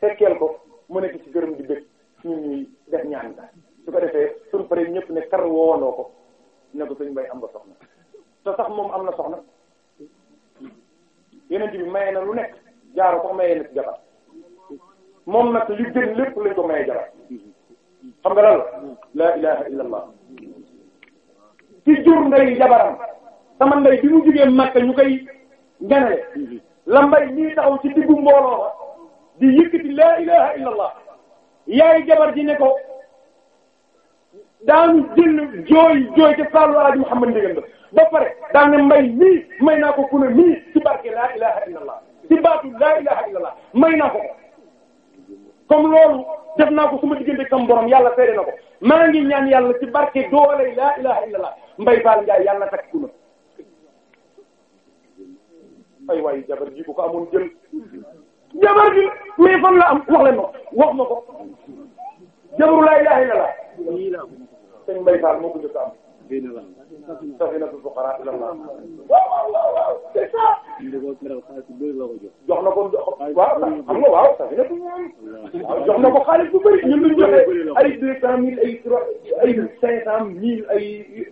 fekkeel ko mu nekk ci gërëm di bëgg ñun ñuy def ñaan la su ko defee suñ paree ñëpp ne kar woowandoo ko ne ko suñ bay am nga soxna te sax moom am na soxna yeneen bi maye na lu nekk jaaro sax maye na ci jabar moom nag li gën lépp lañ ko may jaral xam nga la laa ilaha illa ci jur ndey jabaram sama ndey bi mu jugee Makka ñu koy njanale la mbay ñii taxaw ci diggu mbooloo di yëkkati laa ilaha illa yaay jabar ji ne ko daanu jël jooy jooy ca saalu alaaji Muhammad Ndieguene la ba pare daan ne mbay mii may naa ko ku mii ci barke laa ilaha illa allah ci naa ko comme loolu def naa ko suma diggante kam borom yàlla feere na ko maa ngi ñaan yàlla ci barke doole laa ilaha illallah mbay baal njaay yàlla takk ku na ay waaye jabar ji bu ko amoon jël jabar ji mais fan la am wax leen ma wax ma ko jabaru laa ilaha illallah sëñ mbay baal moo ko jëkk am safinatul fuqara ilallah waaw
waaw waaw c'est ça.
jox na ko waaw xam nga waaw safinatul jox na ko
xaalis bu bëri ñun ñu joxe
ay deux cent mille ay trois ay cinq cent mille ay.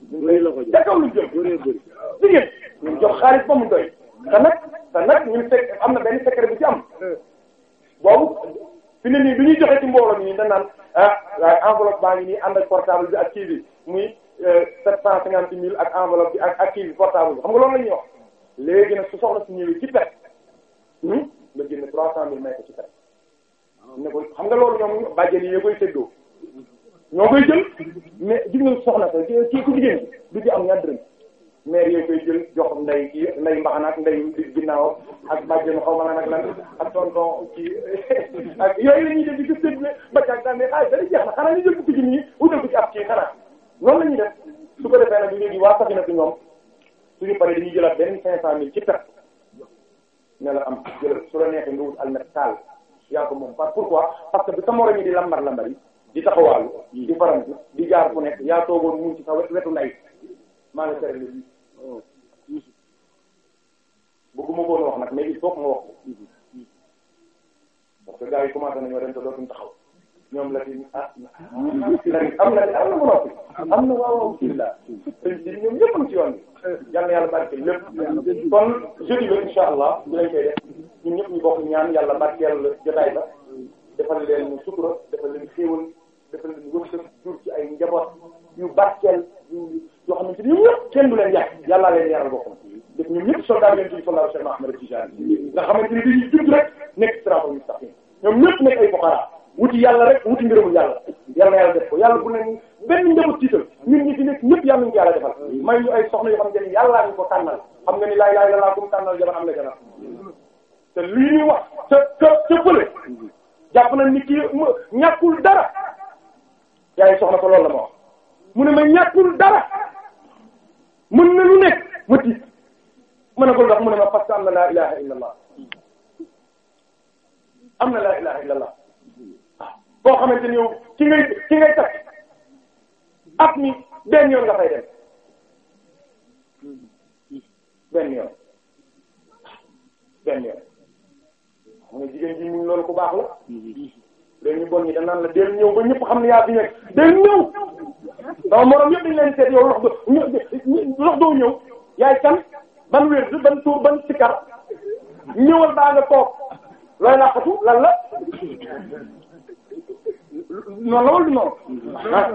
bëri la ko jox jakaw lu jël bëri bëri. liggéey ñu jox xaalis ba mu doy. te nag te nag ñun fekk am na benn secret bu ci am. boobu fi ne nii bi ñuy joxe ci mbooloo mi ñu ne naan ah enveloppe baa ngi nii ànd ak portable Euh, sept cent cinquante mille ak enveloppe bi ak ak kii bi portable bi xam nga loolu la ñuy wax léegi nag su soxla si ñëwee ci pet hmm? nga génne trois cent mille may ko ci pet ne xam nga loolu ñoom bàjjen yi ñoo koy séddoo ñoo koy jël mais gis nga soxna sa kii ku jigéen du ci am ñaar dërëm maire yooyu koy jël jox nday kii nday mbaxana ak nday ginnaaw ak bàjjenu xaw ma lan ak lan ak kii ak yooyu la ñuy def di ko séddale ba càgg daal ne ah dara jeex na xanaa ñu jël ko ci ñi utal noonu la ñuy def su ko defee nag léegi waa Safina si ñoom suñu paree dañuy jëlaat benn cinq cent ci pep ne la am jëlal su la neexee nga wut almet taal yaa ko moom par pourquoi parce que bi sa moroom di lambar lambar di taxawaalu di farantu di jaar fu nekk yaa toogoon mun ci sa wetu nday maa ngi tere li oh, bëgguma koon wax nag mais il faut que ma wax ko parce yi commencé nañoo dem te dootuñ taxaw ñoom la fi ah am na am na mu noppi am na waaw waaw kii la ñoom ñëpp ci yoon bi yal na yàlla barke lépp kon jeudi bi incha allah ñu lañ ñun ñëpp ñu bokk ñaan yàlla barkeel jotaay la defal leen sutura defal leen xéewal defal leen wërsëg jur ci ay njaboot yu barkeel yu yoo xamante ni ñëpp kenn du leen yàq yàllaa leen yaral boppam def ñun ñëpp soldat yéen ci sallallahu alayhi wa sallam Ahmad Tijani nga xamante ni dañuy jub rek nekk siraatul mustaqim ñoom ñëpp nekk ay fuqara wuti yàlla rek wuti ngërëmul yàlla yàlla yàlla def ko yàlla bu ne nii benn njaboot tiital ñun ñi fi nekk ñëpp yàlla defal may soxna yoo xam ne yàllaa ñu ko tànnal xam nga ni la laa ko tànnal jabar am na jabar na ni kii ñàkkul dara na lu nekk ma tiit ma ne ko ndax mu ne ma parce que am na laa ilaha boo xamante ni yow ci ngay ci ngay tax at mi benn nga fay dem benn yoon benn yoon xam nga jigéen loolu ku baax la léegi ñu bon ñi danaan la del ñëw ba a xam ne yaa fi nekk del ñëw sama morom yëpp dañ leen seet yow lox do lox doo ñëw yaay kan ban wér ban tuur ban sikar ñëwal baa toog looy laqatu lan la
noonu la wala du noonu ah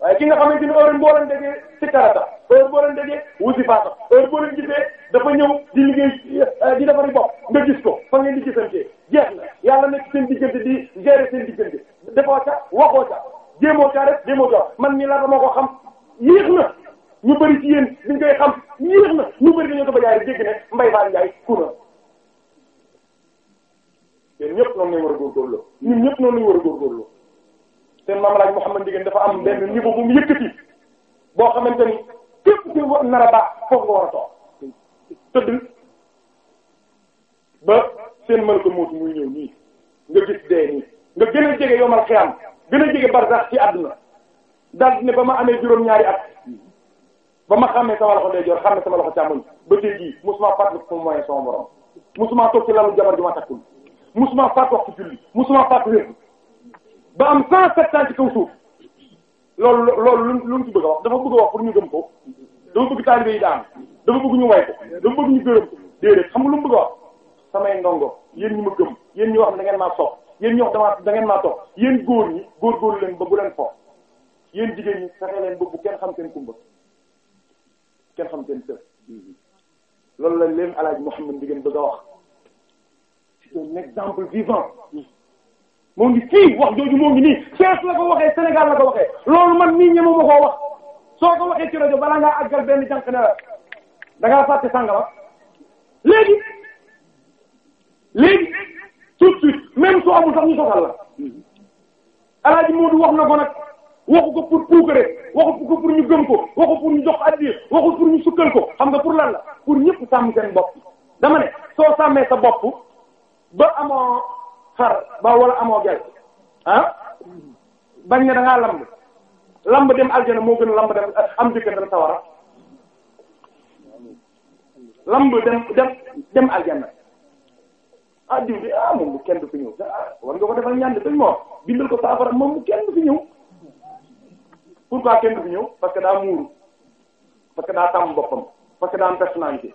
waaye ki nga xamante ni heure boo leen déggee sikkara tax heure boo leen déggee wuti faa tax heure boo leen dafa ñëw di liggéey euh, di defari bopp nga gis ko fa ngeen di gisantee jeex na yàlla nekk seen diggante di gérer seen diggante defoo ca waxoo ca jéemoo ca rek jéemoo ca man mii laata moo ko xam yéex na ñu bëri ci yéen dañ koy xam yéex na ñu bëri dañoo ko ba jaay dégg ne Mbaye Fall Ndiaye ku na yéen ñëpp noonu lañ war a góorgóorlu ñun ñëpp noonu lañ war a góorgóorlu seen maam laaj Mouhamed Ndieguène dafa am benn niveau bu mu yëkkati boo xamante ni képp ku war a baax foofu nga war a toog tëdd ba seen mën ko moytu muy ñëw nii nga gis dee nii nga gën a jege yomal xiyam gën a jege barsax ci àdduna daal ne ba ma amee juróom-ñaari at ba ma xàmmee sama loxo day jor xàmmee sama loxo càmmoñ ba tey jii mosuma fàttali ko moyen sama borom mosuma toog musuma faat waxtu julli musuma faat wér ba am cent sept ans ci kaw suuf loolu loolu lu lu mu ci wax dafa bëgg wax pour ñu gëm ko dafa bëgg taalibe yi daan dafa bëgg ñu way ko dafa bëgg ñu gërëm ko xam nga lu mu bëgg wax samay ndongo yéen ñi ma gëm yéen ñi wax da ngeen maa sopp yéen ñi wax dama da ngeen maa topp yéen góor ñi góor góor leen ba bu leen fo yéen jigéen ñi fexe leen ba bu kenn xam seen kumba kenn xam seen sër loolu la leen alaaj Muhammad di ngeen bëgg un exemple vivant moo ngi fii wax jooju moo ngi nii Cees la ko waxee Sénégal la ko waxee loolu man nii ñemuma koo wax soo ko waxee ci rajo balaa ngaa àggal benn jànq ne la da sàngara léegi léegi tout suite même soo amul sax ñu sosal la Alaaji Moodu wax na ko nag waxu ko pour puukare waxu ko pour ñu gëm ko waxu pour ñu jox addiya waxu pour ñu sukkal ko xam nga pour lan la pour ñëpp sàmm seen bopp dama ne soo sàmmee sa bopp ba amoo far ba wala amoo gel ah bañ ne da lamb lamb dem aljana moo gën lamb dem am jëkkër dem sawara lamb dem dem dem aljana ah diw bi ah moom kenn du fi ñëw ah, war nga ko defal ñaandi dañ moo bindal ko saafara moom kenn du fi ñëw pourquoi kenn du ñëw parce que daa muuru parce daa tàmm boppam parce que daa am personnalité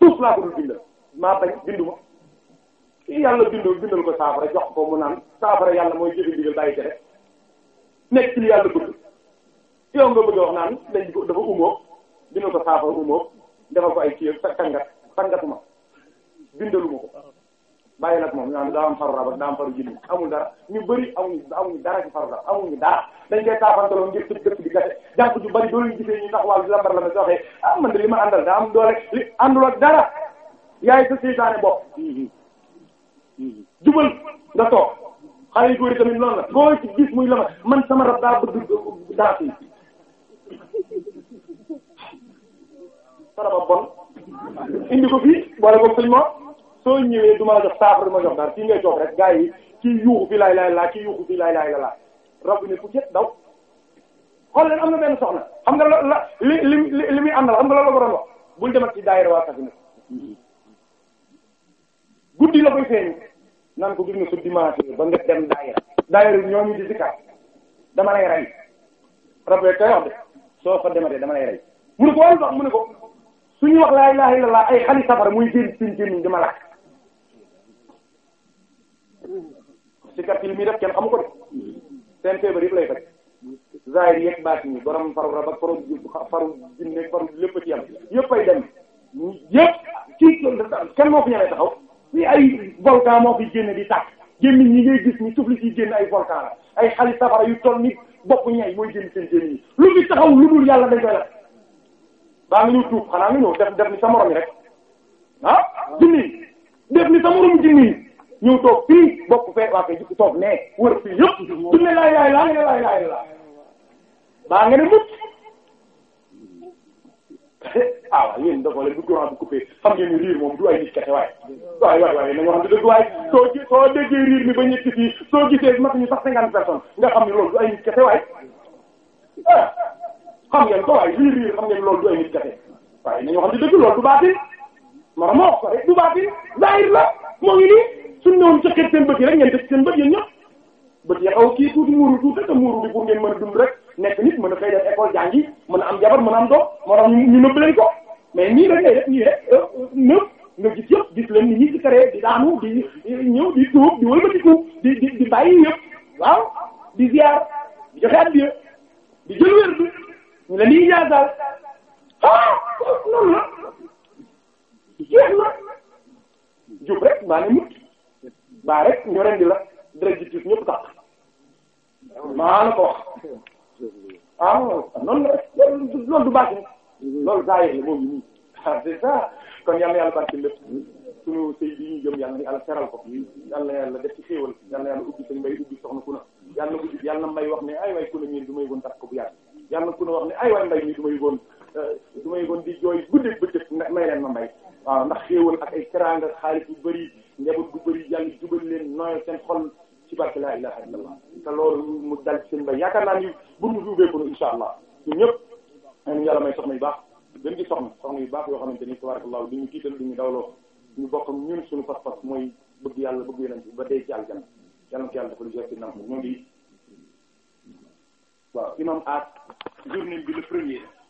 tous laa ko dul bindal maa bañ bindu ma li yàlla bindul bindal ko saafara jox ko mu naan saafara yàlla mooy jëfe ndigal bàyyi tere nekk ci li yàlla bëgg yow nga bëgg wax naan lañ dafa umoo bindal ko saafara umoo defal ko ay ci sa tàngat tàngatuma ma ko bàyyi nag moom naan daa am faru rab daa am faru jinni amul dara ñu bëri amuñu amuñu dara ci faru rab amuñu dara dañ koy saafantaloon ngir tëj dëkk di gase jàpp ju bari doolu gisee ñu ndax wàllu lambar la ma waxee ah man de li ma àndal daa am doole li àndul ak dara yaay sa seytaane jubal nga toog xale yu góor yi tamit noonu koo gis muy la man sama rab daa bëgg daa fi saraba bon indi ko fii boole ko soo ñëwee du ma la jox saafara ma jox dara fii ngay toog rek gars yi kii yuuxu fii laay laay laa kii yuuxu ne ku jët daw xool leen am na benn soxna xam nga la la li li li muy àndal xam nga la ko doon bul demat ci daayira waa Safina guddi la koy feeñ naan ko gis nga su dimanche ba nga dem daayira daayira ñoom di sikar dama lay rey rab yooyu koy wax de soo fa dematee dama lay rey mu ne ko wax mu ne ko suñu wax laa ilaha illallah ay xali safara muy génn seen gémmiñ dama lakk sikar ci li muy def kenn xamu ko de seen feebar yi borom faru rab ak faru faru faru lépp ci yam yëpp ay dem yëpp kii kenn moo fi ñëwee taxaw si ay volcan moo fi génne di tàkk gémmiñ ñi ngay gis ni tufli si génn ay volcan la ay xali safara yu toll ni bopp ñay mooy génn seen gémmiñ yi lu fi taxaw lu dul yàlla dañ koy def baa nga ñëw tuub xanaa nga ñëw def def ni sa morom yi rek ah jinni def ni sa morom jinni ñëw toog fii bopp fee waa kay jikko toog ne wër fii yëpp du ne laay laay laa nga ne laay laay la baa nga ne mucc ah waaw yéen dafa leen bu courant bi coupé xam ngeen ni riir moom du ay nit kese waaye waaye waaye waaye na nga xam ne dëgg waaye soo gis soo déggee riir mi ba ñetti fii soo gisee mat ñu sax cinquante personnes nga xam ne loolu du ay nit kese waaye ah xam ngeen ko waaye lii riir xam ngeen loolu du ay nit kese waaye nañoo xam ne dëgg loolu du baati maanaam moo ko rek du baati zahir la moo ngi nii suñu newoon ca kër seen bët yi rek ngeen def seen bët yéen ñëpp bët ya xaw kii tuuti muuru tuuti te muuru bi pour ngeen mën a rek nekk nit mën a xëy def école jàngi mën a am jabar mën a am doom moo tax ñu nëbb leen ko mais nii rek ngay def nii rek euh, nëb nga di daanu di ñëw di tuub di wëlbatiku yëpp waaw di ziar di joxe addiya di jël wér bi ñu leen di ñaanal ah noonu jub rek baa ne mut baa rek ñorendi la deret ji tuuti ñëpp tax
la ko wax
ah noonu la loolu du baax loolu saa yéene moom ñu ah c'est ça kon yal na yàlla barke lépp suñu sëy bi ñu yal na yàlla teral ko yal na yàlla def ci xéewal yal na yàlla ubbi sañ mbay ubbi soxna ku na yal na guddi yal na mbay wax ne ay waay ku na ñun du may woon tax ko bu yàgg yal na ku na wax ne ay waay mbay mi du may woon euh, du di jooy guddeeg bëccëg may leen ma mbay waaw ndax xéewal ak ay teraanga xaalis yu bëri njaboot gu bëri yàlla ci barke laa ilaha illallah te loolu mu dal ci sëñ bay yaakaar naa ni bu mu duubee ko insha allah ñun ñëpp ñu yàlla soxna yu baax gën ci soxna soxna yu baax
yoo xamante ni tabarakallah du ñu tiital du ñu dawloo ñu bokkam ñun suñu pas-pas mooy bëgg yàlla bëgg yeneen ba day ci àljana yàlla ko yàlla dafa lu joti nam ñoo ngi waaw imam aat journée bi le premier